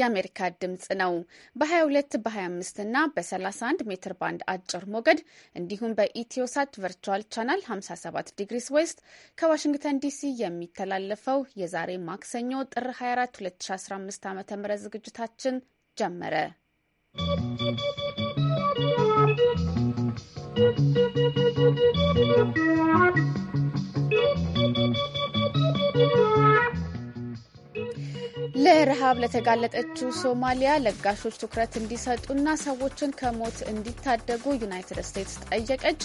የአሜሪካ ድምፅ ነው። በ22 በ25 እና በ31 ሜትር ባንድ አጭር ሞገድ እንዲሁም በኢትዮሳት ቨርቹዋል ቻናል 57 ዲግሪስ ዌስት ከዋሽንግተን ዲሲ የሚተላለፈው የዛሬ ማክሰኞ ጥር 24 2015 ም ዝግጅታችን ጀመረ። ¶¶ ለረሃብ ለተጋለጠችው ሶማሊያ ለጋሾች ትኩረት እንዲሰጡና ሰዎችን ከሞት እንዲታደጉ ዩናይትድ ስቴትስ ጠየቀች።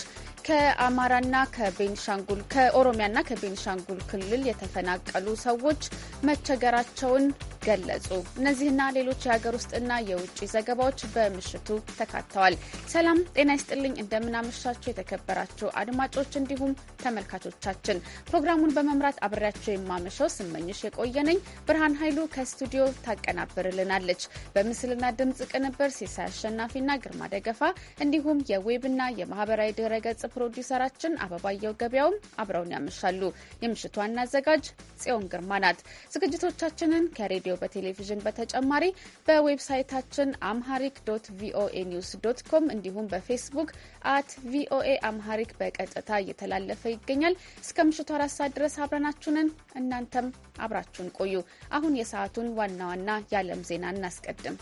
ከአማራና ከቤንሻንጉል ከኦሮሚያና ከቤንሻንጉል ክልል የተፈናቀሉ ሰዎች መቸገራቸውን ገለጹ። እነዚህና ሌሎች የሀገር ውስጥና የውጭ ዘገባዎች በምሽቱ ተካተዋል። ሰላም ጤና ይስጥልኝ። እንደምናመሻቸው የተከበራቸው አድማጮች እንዲሁም ተመልካቾቻችን ፕሮግራሙን በመምራት አብሬያቸው የማመሸው ስመኝሽ የቆየነኝ ብርሃን ኃይሉ ከስቱዲዮ ታቀናብርልናለች። በምስልና ድምጽ ቅንብር ሲሳይ አሸናፊና ግርማ ደገፋ እንዲሁም የዌብና የማህበራዊ ድረገጽ ፕሮዲውሰራችን አበባየው ገበያውም አብረውን ያመሻሉ። የምሽቱ ዋና አዘጋጅ ጽዮን ግርማ ናት። ዝግጅቶቻችንን ከሬዲዮ በቴሌቪዥን በተጨማሪ በዌብሳይታችን አምሃሪክ ዶት ቪኦኤ ኒውስ ዶት ኮም እንዲሁም በፌስቡክ አት ቪኦኤ አምሃሪክ በቀጥታ እየተላለፈ ይገኛል። እስከ ምሽቱ አራት ሰዓት ድረስ አብረናችሁንን እናንተም አብራችሁን ቆዩ። አሁን የሰዓቱን ዋና ዋና የዓለም ዜና እናስቀድም።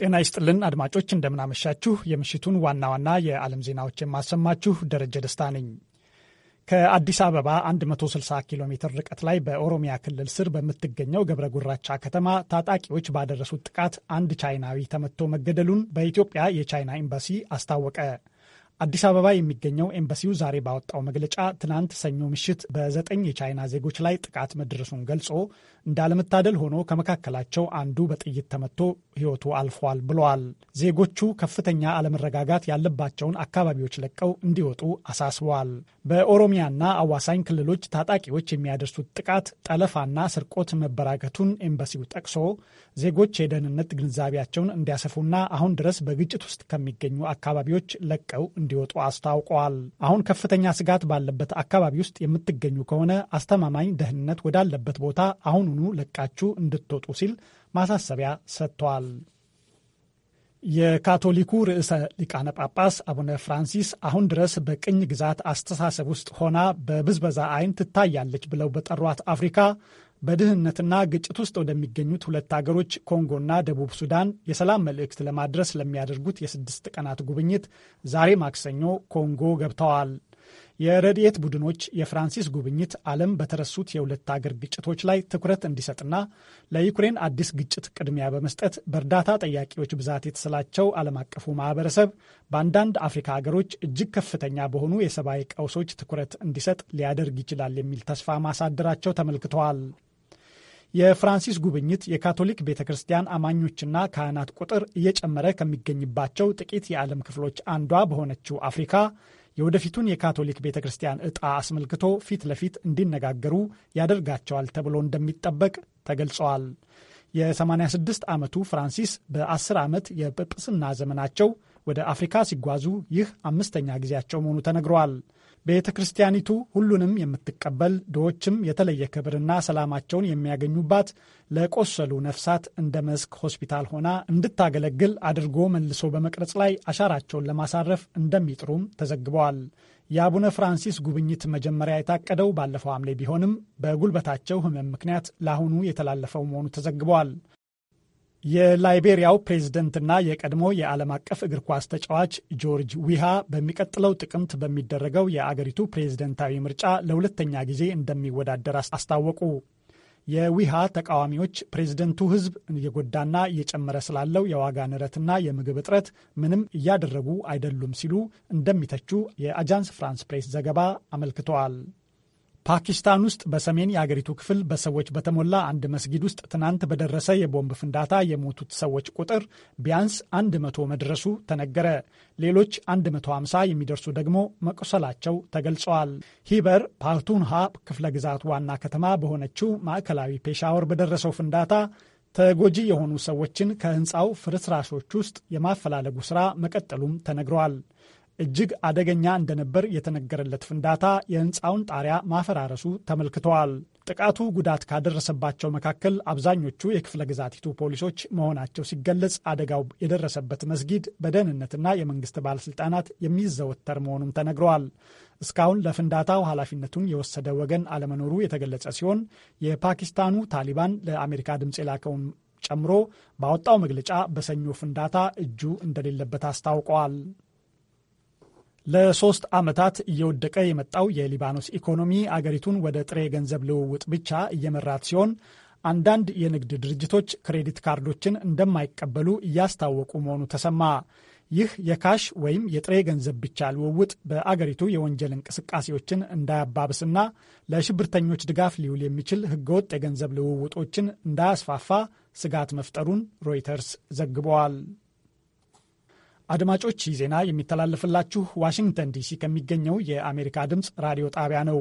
ጤና ይስጥልን አድማጮች፣ እንደምናመሻችሁ። የምሽቱን ዋና ዋና የዓለም ዜናዎች የማሰማችሁ ደረጀ ደስታ ነኝ። ከአዲስ አበባ 160 ኪሎ ሜትር ርቀት ላይ በኦሮሚያ ክልል ስር በምትገኘው ገብረ ጉራቻ ከተማ ታጣቂዎች ባደረሱት ጥቃት አንድ ቻይናዊ ተመትቶ መገደሉን በኢትዮጵያ የቻይና ኤምባሲ አስታወቀ። አዲስ አበባ የሚገኘው ኤምባሲው ዛሬ ባወጣው መግለጫ ትናንት ሰኞ ምሽት በዘጠኝ የቻይና ዜጎች ላይ ጥቃት መድረሱን ገልጾ እንዳለመታደል ሆኖ ከመካከላቸው አንዱ በጥይት ተመቶ ሕይወቱ አልፏል ብለዋል። ዜጎቹ ከፍተኛ አለመረጋጋት ያለባቸውን አካባቢዎች ለቀው እንዲወጡ አሳስበዋል። በኦሮሚያና አዋሳኝ ክልሎች ታጣቂዎች የሚያደርሱት ጥቃት፣ ጠለፋና ስርቆት መበራከቱን ኤምባሲው ጠቅሶ ዜጎች የደህንነት ግንዛቤያቸውን እንዲያሰፉና አሁን ድረስ በግጭት ውስጥ ከሚገኙ አካባቢዎች ለቀው እንዲወጡ አስታውቀዋል። አሁን ከፍተኛ ስጋት ባለበት አካባቢ ውስጥ የምትገኙ ከሆነ አስተማማኝ ደህንነት ወዳለበት ቦታ አሁኑ ወዲያውኑ ለቃችሁ እንድትወጡ ሲል ማሳሰቢያ ሰጥተዋል። የካቶሊኩ ርዕሰ ሊቃነ ጳጳስ አቡነ ፍራንሲስ አሁን ድረስ በቅኝ ግዛት አስተሳሰብ ውስጥ ሆና በብዝበዛ ዓይን ትታያለች ብለው በጠሯት አፍሪካ በድህነትና ግጭት ውስጥ ወደሚገኙት ሁለት አገሮች ኮንጎና ደቡብ ሱዳን የሰላም መልእክት ለማድረስ ለሚያደርጉት የስድስት ቀናት ጉብኝት ዛሬ ማክሰኞ ኮንጎ ገብተዋል። የረድኤት ቡድኖች የፍራንሲስ ጉብኝት ዓለም በተረሱት የሁለት አገር ግጭቶች ላይ ትኩረት እንዲሰጥና ለዩክሬን አዲስ ግጭት ቅድሚያ በመስጠት በእርዳታ ጠያቂዎች ብዛት የተሰላቸው ዓለም አቀፉ ማህበረሰብ በአንዳንድ አፍሪካ ሀገሮች እጅግ ከፍተኛ በሆኑ የሰብአዊ ቀውሶች ትኩረት እንዲሰጥ ሊያደርግ ይችላል የሚል ተስፋ ማሳደራቸው ተመልክተዋል። የፍራንሲስ ጉብኝት የካቶሊክ ቤተ ክርስቲያን አማኞችና ካህናት ቁጥር እየጨመረ ከሚገኝባቸው ጥቂት የዓለም ክፍሎች አንዷ በሆነችው አፍሪካ የወደፊቱን የካቶሊክ ቤተ ክርስቲያን ዕጣ አስመልክቶ ፊት ለፊት እንዲነጋገሩ ያደርጋቸዋል ተብሎ እንደሚጠበቅ ተገልጸዋል። የ86 ዓመቱ ፍራንሲስ በ10 ዓመት የጵጵስና ዘመናቸው ወደ አፍሪካ ሲጓዙ ይህ አምስተኛ ጊዜያቸው መሆኑ ተነግረዋል። ቤተ ክርስቲያኒቱ ሁሉንም የምትቀበል ድሆችም የተለየ ክብርና ሰላማቸውን የሚያገኙባት ለቆሰሉ ነፍሳት እንደ መስክ ሆስፒታል ሆና እንድታገለግል አድርጎ መልሶ በመቅረጽ ላይ አሻራቸውን ለማሳረፍ እንደሚጥሩም ተዘግበዋል። የአቡነ ፍራንሲስ ጉብኝት መጀመሪያ የታቀደው ባለፈው ሐምሌ ቢሆንም በጉልበታቸው ሕመም ምክንያት ለአሁኑ የተላለፈው መሆኑ ተዘግበዋል። የላይቤሪያው ፕሬዝደንትና የቀድሞ የዓለም አቀፍ እግር ኳስ ተጫዋች ጆርጅ ዊሃ በሚቀጥለው ጥቅምት በሚደረገው የአገሪቱ ፕሬዝደንታዊ ምርጫ ለሁለተኛ ጊዜ እንደሚወዳደር አስታወቁ። የዊሃ ተቃዋሚዎች ፕሬዝደንቱ ሕዝብ እየጎዳና እየጨመረ ስላለው የዋጋ ንረትና የምግብ እጥረት ምንም እያደረጉ አይደሉም ሲሉ እንደሚተቹ የአጃንስ ፍራንስ ፕሬስ ዘገባ አመልክተዋል። ፓኪስታን ውስጥ በሰሜን የአገሪቱ ክፍል በሰዎች በተሞላ አንድ መስጊድ ውስጥ ትናንት በደረሰ የቦምብ ፍንዳታ የሞቱት ሰዎች ቁጥር ቢያንስ 100 መድረሱ ተነገረ። ሌሎች 150 የሚደርሱ ደግሞ መቁሰላቸው ተገልጸዋል። ሂበር ፓርቱንሃ ክፍለ ግዛት ዋና ከተማ በሆነችው ማዕከላዊ ፔሻወር በደረሰው ፍንዳታ ተጎጂ የሆኑ ሰዎችን ከህንፃው ፍርስራሾች ውስጥ የማፈላለጉ ሥራ መቀጠሉም ተነግረዋል። እጅግ አደገኛ እንደነበር የተነገረለት ፍንዳታ የህንፃውን ጣሪያ ማፈራረሱ ተመልክተዋል። ጥቃቱ ጉዳት ካደረሰባቸው መካከል አብዛኞቹ የክፍለ ግዛቲቱ ፖሊሶች መሆናቸው ሲገለጽ አደጋው የደረሰበት መስጊድ በደህንነትና የመንግስት ባለስልጣናት የሚዘወተር መሆኑም ተነግረዋል። እስካሁን ለፍንዳታው ኃላፊነቱን የወሰደ ወገን አለመኖሩ የተገለጸ ሲሆን የፓኪስታኑ ታሊባን ለአሜሪካ ድምፅ የላከውን ጨምሮ ባወጣው መግለጫ በሰኞ ፍንዳታ እጁ እንደሌለበት አስታውቀዋል። ለሶስት ዓመታት እየወደቀ የመጣው የሊባኖስ ኢኮኖሚ አገሪቱን ወደ ጥሬ ገንዘብ ልውውጥ ብቻ እየመራት ሲሆን አንዳንድ የንግድ ድርጅቶች ክሬዲት ካርዶችን እንደማይቀበሉ እያስታወቁ መሆኑ ተሰማ። ይህ የካሽ ወይም የጥሬ ገንዘብ ብቻ ልውውጥ በአገሪቱ የወንጀል እንቅስቃሴዎችን እንዳያባብስና ለሽብርተኞች ድጋፍ ሊውል የሚችል ሕገወጥ የገንዘብ ልውውጦችን እንዳያስፋፋ ስጋት መፍጠሩን ሮይተርስ ዘግበዋል። አድማጮች ይህ ዜና የሚተላለፍላችሁ ዋሽንግተን ዲሲ ከሚገኘው የአሜሪካ ድምፅ ራዲዮ ጣቢያ ነው።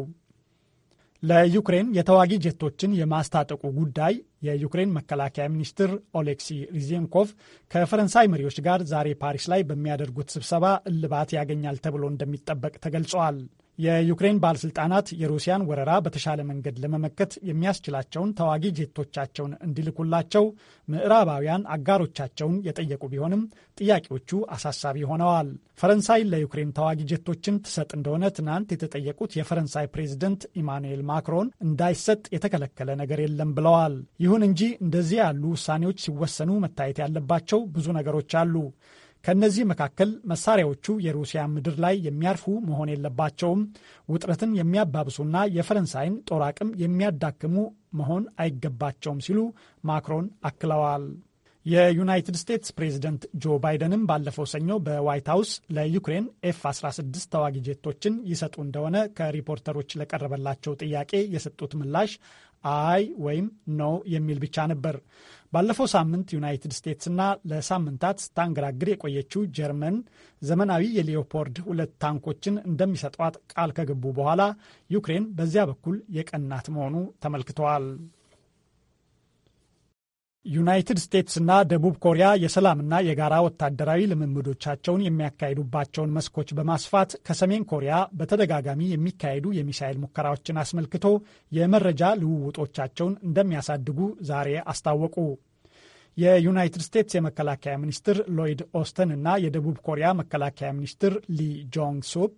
ለዩክሬን የተዋጊ ጀቶችን የማስታጠቁ ጉዳይ የዩክሬን መከላከያ ሚኒስትር ኦሌክሲ ሪዜንኮቭ ከፈረንሳይ መሪዎች ጋር ዛሬ ፓሪስ ላይ በሚያደርጉት ስብሰባ እልባት ያገኛል ተብሎ እንደሚጠበቅ ተገልጿል። የዩክሬን ባለስልጣናት የሩሲያን ወረራ በተሻለ መንገድ ለመመከት የሚያስችላቸውን ተዋጊ ጄቶቻቸውን እንዲልኩላቸው ምዕራባውያን አጋሮቻቸውን የጠየቁ ቢሆንም ጥያቄዎቹ አሳሳቢ ሆነዋል። ፈረንሳይ ለዩክሬን ተዋጊ ጄቶችን ትሰጥ እንደሆነ ትናንት የተጠየቁት የፈረንሳይ ፕሬዝደንት ኢማኑኤል ማክሮን እንዳይሰጥ የተከለከለ ነገር የለም ብለዋል። ይሁን እንጂ እንደዚህ ያሉ ውሳኔዎች ሲወሰኑ መታየት ያለባቸው ብዙ ነገሮች አሉ። ከእነዚህ መካከል መሳሪያዎቹ የሩሲያ ምድር ላይ የሚያርፉ መሆን የለባቸውም፣ ውጥረትን የሚያባብሱና የፈረንሳይን ጦር አቅም የሚያዳክሙ መሆን አይገባቸውም ሲሉ ማክሮን አክለዋል። የዩናይትድ ስቴትስ ፕሬዝደንት ጆ ባይደንም ባለፈው ሰኞ በዋይት ሀውስ ለዩክሬን ኤፍ 16 ተዋጊ ጄቶችን ይሰጡ እንደሆነ ከሪፖርተሮች ለቀረበላቸው ጥያቄ የሰጡት ምላሽ አይ ወይም ኖ የሚል ብቻ ነበር። ባለፈው ሳምንት ዩናይትድ ስቴትስና ለሳምንታት ስታንገራግር የቆየችው ጀርመን ዘመናዊ የሊዮፖርድ ሁለት ታንኮችን እንደሚሰጧት ቃል ከገቡ በኋላ ዩክሬን በዚያ በኩል የቀናት መሆኑ ተመልክተዋል። ዩናይትድ ስቴትስና ደቡብ ኮሪያ የሰላምና የጋራ ወታደራዊ ልምምዶቻቸውን የሚያካሂዱባቸውን መስኮች በማስፋት ከሰሜን ኮሪያ በተደጋጋሚ የሚካሄዱ የሚሳኤል ሙከራዎችን አስመልክቶ የመረጃ ልውውጦቻቸውን እንደሚያሳድጉ ዛሬ አስታወቁ። የዩናይትድ ስቴትስ የመከላከያ ሚኒስትር ሎይድ ኦስተን እና የደቡብ ኮሪያ መከላከያ ሚኒስትር ሊ ጆንግ ሱፕ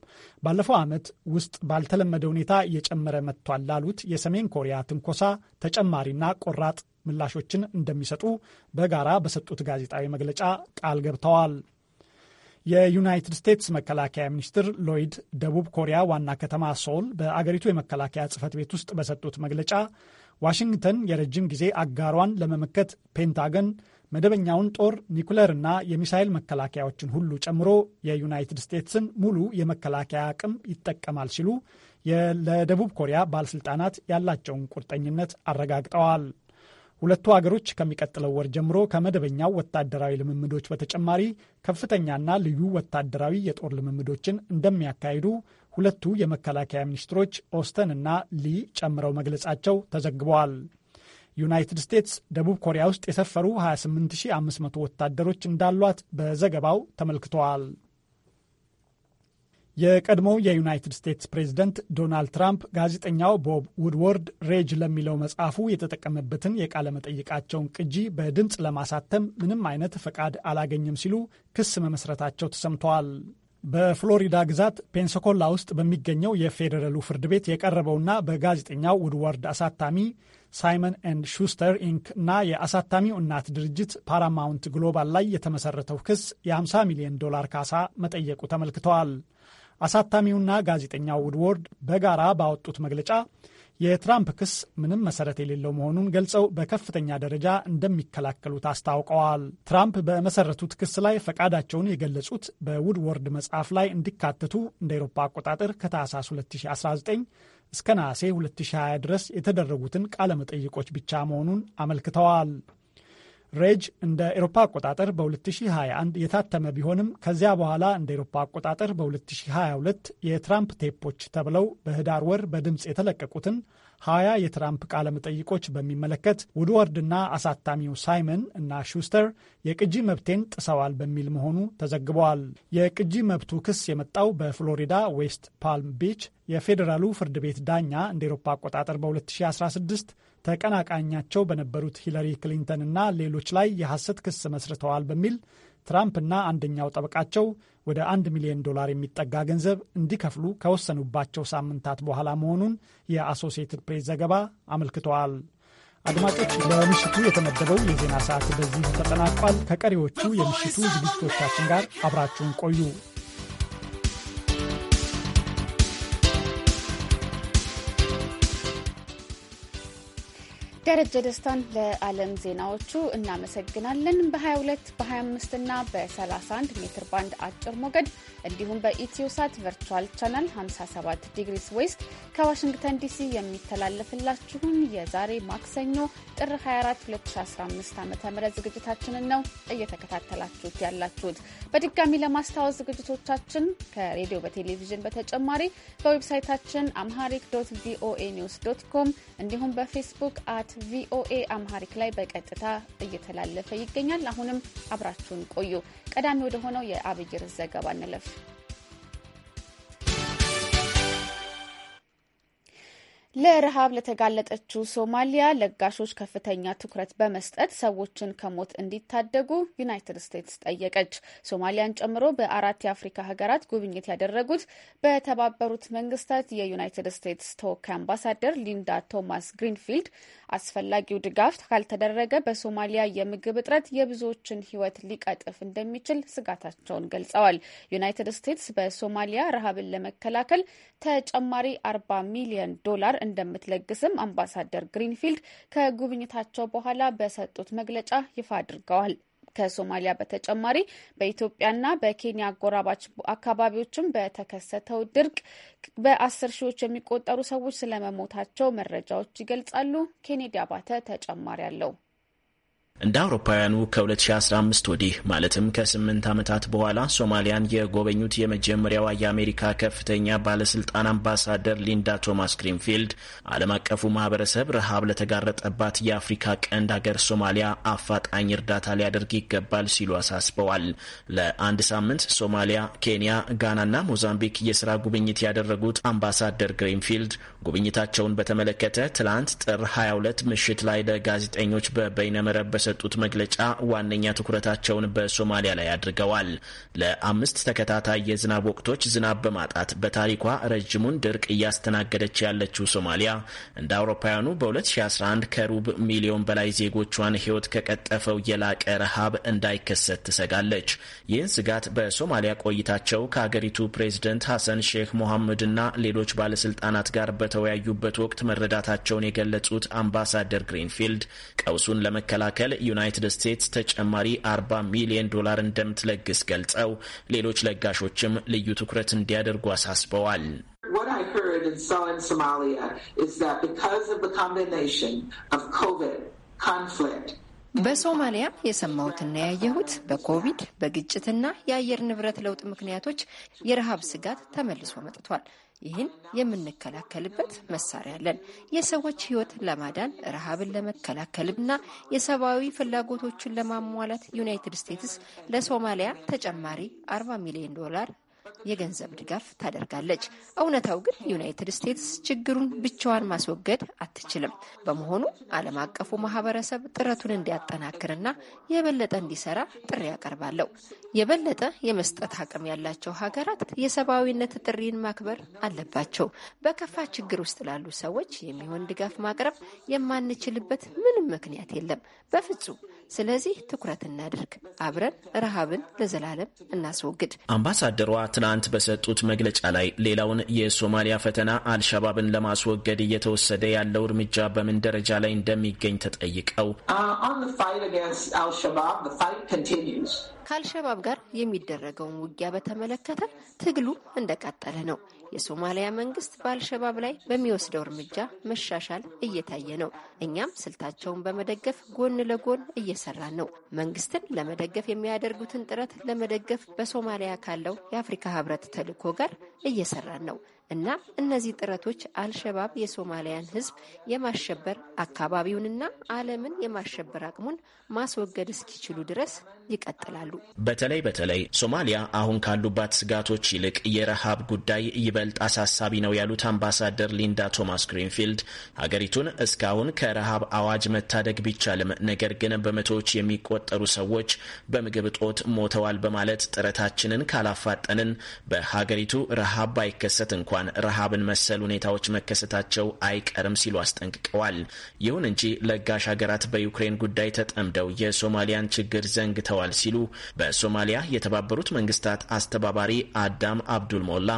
ባለፈው ዓመት ውስጥ ባልተለመደ ሁኔታ እየጨመረ መጥቷል ላሉት የሰሜን ኮሪያ ትንኮሳ ተጨማሪና ቆራጥ ምላሾችን እንደሚሰጡ በጋራ በሰጡት ጋዜጣዊ መግለጫ ቃል ገብተዋል። የዩናይትድ ስቴትስ መከላከያ ሚኒስትር ሎይድ ደቡብ ኮሪያ ዋና ከተማ ሶል በአገሪቱ የመከላከያ ጽህፈት ቤት ውስጥ በሰጡት መግለጫ ዋሽንግተን የረጅም ጊዜ አጋሯን ለመመከት ፔንታገን መደበኛውን ጦር ኒኩለርና የሚሳይል መከላከያዎችን ሁሉ ጨምሮ የዩናይትድ ስቴትስን ሙሉ የመከላከያ አቅም ይጠቀማል ሲሉ ለደቡብ ኮሪያ ባለስልጣናት ያላቸውን ቁርጠኝነት አረጋግጠዋል። ሁለቱ አገሮች ከሚቀጥለው ወር ጀምሮ ከመደበኛው ወታደራዊ ልምምዶች በተጨማሪ ከፍተኛና ልዩ ወታደራዊ የጦር ልምምዶችን እንደሚያካሂዱ ሁለቱ የመከላከያ ሚኒስትሮች ኦስተን እና ሊ ጨምረው መግለጻቸው ተዘግበዋል። ዩናይትድ ስቴትስ ደቡብ ኮሪያ ውስጥ የሰፈሩ 28500 ወታደሮች እንዳሏት በዘገባው ተመልክተዋል። የቀድሞው የዩናይትድ ስቴትስ ፕሬዝደንት ዶናልድ ትራምፕ ጋዜጠኛው ቦብ ውድወርድ ሬጅ ለሚለው መጽሐፉ የተጠቀመበትን የቃለ መጠይቃቸውን ቅጂ በድምፅ ለማሳተም ምንም አይነት ፈቃድ አላገኘም ሲሉ ክስ መመስረታቸው ተሰምተዋል። በፍሎሪዳ ግዛት ፔንሰኮላ ውስጥ በሚገኘው የፌዴራሉ ፍርድ ቤት የቀረበውና በጋዜጠኛው ውድወርድ አሳታሚ ሳይመን ኤንድ ሹስተር ኢንክ እና የአሳታሚው እናት ድርጅት ፓራማውንት ግሎባል ላይ የተመሰረተው ክስ የ50 ሚሊዮን ዶላር ካሳ መጠየቁ ተመልክተዋል። አሳታሚውና ጋዜጠኛው ውድዎርድ በጋራ ባወጡት መግለጫ የትራምፕ ክስ ምንም መሰረት የሌለው መሆኑን ገልጸው በከፍተኛ ደረጃ እንደሚከላከሉት አስታውቀዋል። ትራምፕ በመሰረቱት ክስ ላይ ፈቃዳቸውን የገለጹት በውድወርድ መጽሐፍ ላይ እንዲካተቱ እንደ ኤሮፓ አቆጣጠር ከታህሳስ 2019 እስከ ነሐሴ 2020 ድረስ የተደረጉትን ቃለመጠይቆች ብቻ መሆኑን አመልክተዋል። ሬጅ እንደ ኤሮፓ አቆጣጠር በ2021 የታተመ ቢሆንም ከዚያ በኋላ እንደ ኤሮፓ አቆጣጠር በ2022 የትራምፕ ቴፖች ተብለው በህዳር ወር በድምፅ የተለቀቁትን ሀያ የትራምፕ ቃለ መጠይቆች በሚመለከት ውድወርድና አሳታሚው ሳይመን እና ሹስተር የቅጂ መብቴን ጥሰዋል በሚል መሆኑ ተዘግበዋል። የቅጂ መብቱ ክስ የመጣው በፍሎሪዳ ዌስት ፓልም ቢች የፌዴራሉ ፍርድ ቤት ዳኛ እንደ ኤሮፓ አቆጣጠር በ2016 ተቀናቃኛቸው በነበሩት ሂለሪ ክሊንተን እና ሌሎች ላይ የሐሰት ክስ መስርተዋል በሚል ትራምፕና አንደኛው ጠበቃቸው ወደ አንድ ሚሊዮን ዶላር የሚጠጋ ገንዘብ እንዲከፍሉ ከወሰኑባቸው ሳምንታት በኋላ መሆኑን የአሶሲየትድ ፕሬስ ዘገባ አመልክተዋል። አድማጮች፣ ለምሽቱ የተመደበው የዜና ሰዓት በዚህ ተጠናቋል። ከቀሪዎቹ የምሽቱ ዝግጅቶቻችን ጋር አብራችሁን ቆዩ። ደረጀ ደስታን ለዓለም ዜናዎቹ እናመሰግናለን። በ22 በ25 እና በ31 ሜትር ባንድ አጭር ሞገድ እንዲሁም በኢትዮሳት ቨርቹዋል ቻናል 57 ዲግሪስ ዌስት ከዋሽንግተን ዲሲ የሚተላለፍላችሁን የዛሬ ማክሰኞ ጥር 24 2015 ዓ ም ዝግጅታችንን ነው እየተከታተላችሁት ያላችሁት። በድጋሚ ለማስታወስ ዝግጅቶቻችን ከሬዲዮ በቴሌቪዥን በተጨማሪ በዌብሳይታችን አምሃሪክ ዶት ቪኦኤ ኒውስ ዶት ኮም እንዲሁም በፌስቡክ አት ቪኦኤ አምሃሪክ ላይ በቀጥታ እየተላለፈ ይገኛል። አሁንም አብራችሁን ቆዩ። ቀዳሚ ወደ ሆነው የአብይር ዘገባ እንለፍ። ለረሃብ ለተጋለጠችው ሶማሊያ ለጋሾች ከፍተኛ ትኩረት በመስጠት ሰዎችን ከሞት እንዲታደጉ ዩናይትድ ስቴትስ ጠየቀች። ሶማሊያን ጨምሮ በአራት የአፍሪካ ሀገራት ጉብኝት ያደረጉት በተባበሩት መንግስታት የዩናይትድ ስቴትስ ተወካይ አምባሳደር ሊንዳ ቶማስ ግሪንፊልድ አስፈላጊው ድጋፍ ካልተደረገ በሶማሊያ የምግብ እጥረት የብዙዎችን ሕይወት ሊቀጥፍ እንደሚችል ስጋታቸውን ገልጸዋል። ዩናይትድ ስቴትስ በሶማሊያ ረሃብን ለመከላከል ተጨማሪ አርባ ሚሊዮን ዶላር እንደምትለግስም አምባሳደር ግሪንፊልድ ከጉብኝታቸው በኋላ በሰጡት መግለጫ ይፋ አድርገዋል። ከሶማሊያ በተጨማሪ በኢትዮጵያና በኬንያ አጎራባች አካባቢዎችም በተከሰተው ድርቅ በአስር ሺዎች የሚቆጠሩ ሰዎች ስለመሞታቸው መረጃዎች ይገልጻሉ። ኬኔዲ አባተ ተጨማሪ አለው። እንደ አውሮፓውያኑ ከ2015 ወዲህ ማለትም ከ8 ዓመታት በኋላ ሶማሊያን የጎበኙት የመጀመሪያዋ የአሜሪካ ከፍተኛ ባለስልጣን አምባሳደር ሊንዳ ቶማስ ግሪንፊልድ ዓለም አቀፉ ማህበረሰብ ረሃብ ለተጋረጠባት የአፍሪካ ቀንድ ሀገር ሶማሊያ አፋጣኝ እርዳታ ሊያደርግ ይገባል ሲሉ አሳስበዋል። ለአንድ ሳምንት ሶማሊያ፣ ኬንያ፣ ጋናና ሞዛምቢክ የስራ ጉብኝት ያደረጉት አምባሳደር ግሪንፊልድ ጉብኝታቸውን በተመለከተ ትላንት ጥር 22 ምሽት ላይ ለጋዜጠኞች በበይነመረብ በሰጡት መግለጫ ዋነኛ ትኩረታቸውን በሶማሊያ ላይ አድርገዋል። ለአምስት ተከታታይ የዝናብ ወቅቶች ዝናብ በማጣት በታሪኳ ረዥሙን ድርቅ እያስተናገደች ያለችው ሶማሊያ እንደ አውሮፓውያኑ በ2011 ከሩብ ሚሊዮን በላይ ዜጎቿን ሕይወት ከቀጠፈው የላቀ ረሃብ እንዳይከሰት ትሰጋለች። ይህን ስጋት በሶማሊያ ቆይታቸው ከሀገሪቱ ፕሬዝደንት ሐሰን ሼክ ሞሐመድና ሌሎች ባለስልጣናት ጋር በተወያዩበት ወቅት መረዳታቸውን የገለጹት አምባሳደር ግሪንፊልድ ቀውሱን ለመከላከል ዩናይትድ ስቴትስ ተጨማሪ 40 ሚሊዮን ዶላር እንደምትለግስ ገልጸው ሌሎች ለጋሾችም ልዩ ትኩረት እንዲያደርጉ አሳስበዋል። በሶማሊያ የሰማሁትና ያየሁት በኮቪድ በግጭትና የአየር ንብረት ለውጥ ምክንያቶች የረሃብ ስጋት ተመልሶ መጥቷል። ይህን የምንከላከልበት መሳሪያ አለን። የሰዎች ህይወት ለማዳን ረሃብን ለመከላከልና የሰብአዊ ፍላጎቶችን ለማሟላት ዩናይትድ ስቴትስ ለሶማሊያ ተጨማሪ 40 ሚሊዮን ዶላር የገንዘብ ድጋፍ ታደርጋለች። እውነታው ግን ዩናይትድ ስቴትስ ችግሩን ብቻዋን ማስወገድ አትችልም። በመሆኑ ዓለም አቀፉ ማህበረሰብ ጥረቱን እንዲያጠናክርና የበለጠ እንዲሰራ ጥሪ ያቀርባለሁ። የበለጠ የመስጠት አቅም ያላቸው ሀገራት የሰብአዊነት ጥሪን ማክበር አለባቸው። በከፋ ችግር ውስጥ ላሉ ሰዎች የሚሆን ድጋፍ ማቅረብ የማንችልበት ምንም ምክንያት የለም በፍጹም። ስለዚህ ትኩረት እናድርግ። አብረን ረሃብን ለዘላለም እናስወግድ። አምባሳደሯ ትናንት በሰጡት መግለጫ ላይ ሌላውን የሶማሊያ ፈተና አልሸባብን ለማስወገድ እየተወሰደ ያለው እርምጃ በምን ደረጃ ላይ እንደሚገኝ ተጠይቀው ከአልሸባብ ጋር የሚደረገውን ውጊያ በተመለከተ ትግሉ እንደቀጠለ ነው። የሶማሊያ መንግስት በአልሸባብ ላይ በሚወስደው እርምጃ መሻሻል እየታየ ነው። እኛም ስልታቸውን በመደገፍ ጎን ለጎን እየሰራን ነው። መንግስትን ለመደገፍ የሚያደርጉትን ጥረት ለመደገፍ በሶማሊያ ካለው የአፍሪካ ህብረት ተልኮ ጋር እየሰራን ነው እና እነዚህ ጥረቶች አልሸባብ የሶማሊያን ህዝብ የማሸበር አካባቢውንና ዓለምን የማሸበር አቅሙን ማስወገድ እስኪችሉ ድረስ ይቀጥላሉ። በተለይ በተለይ ሶማሊያ አሁን ካሉባት ስጋቶች ይልቅ የረሃብ ጉዳይ ይበልጥ አሳሳቢ ነው ያሉት አምባሳደር ሊንዳ ቶማስ ግሪንፊልድ ሀገሪቱን እስካሁን ከረሃብ አዋጅ መታደግ ቢቻልም ነገር ግን በመቶዎች የሚቆጠሩ ሰዎች በምግብ እጦት ሞተዋል በማለት ጥረታችንን ካላፋጠንን በሀገሪቱ ረሃብ ባይከሰት እንኳን ረሃብን መሰል ሁኔታዎች መከሰታቸው አይቀርም ሲሉ አስጠንቅቀዋል። ይሁን እንጂ ለጋሽ ሀገራት በዩክሬን ጉዳይ ተጠምደው የሶማሊያን ችግር ዘንግተዋል ተገኝተዋል ሲሉ በሶማሊያ የተባበሩት መንግስታት አስተባባሪ አዳም አብዱል ሞላ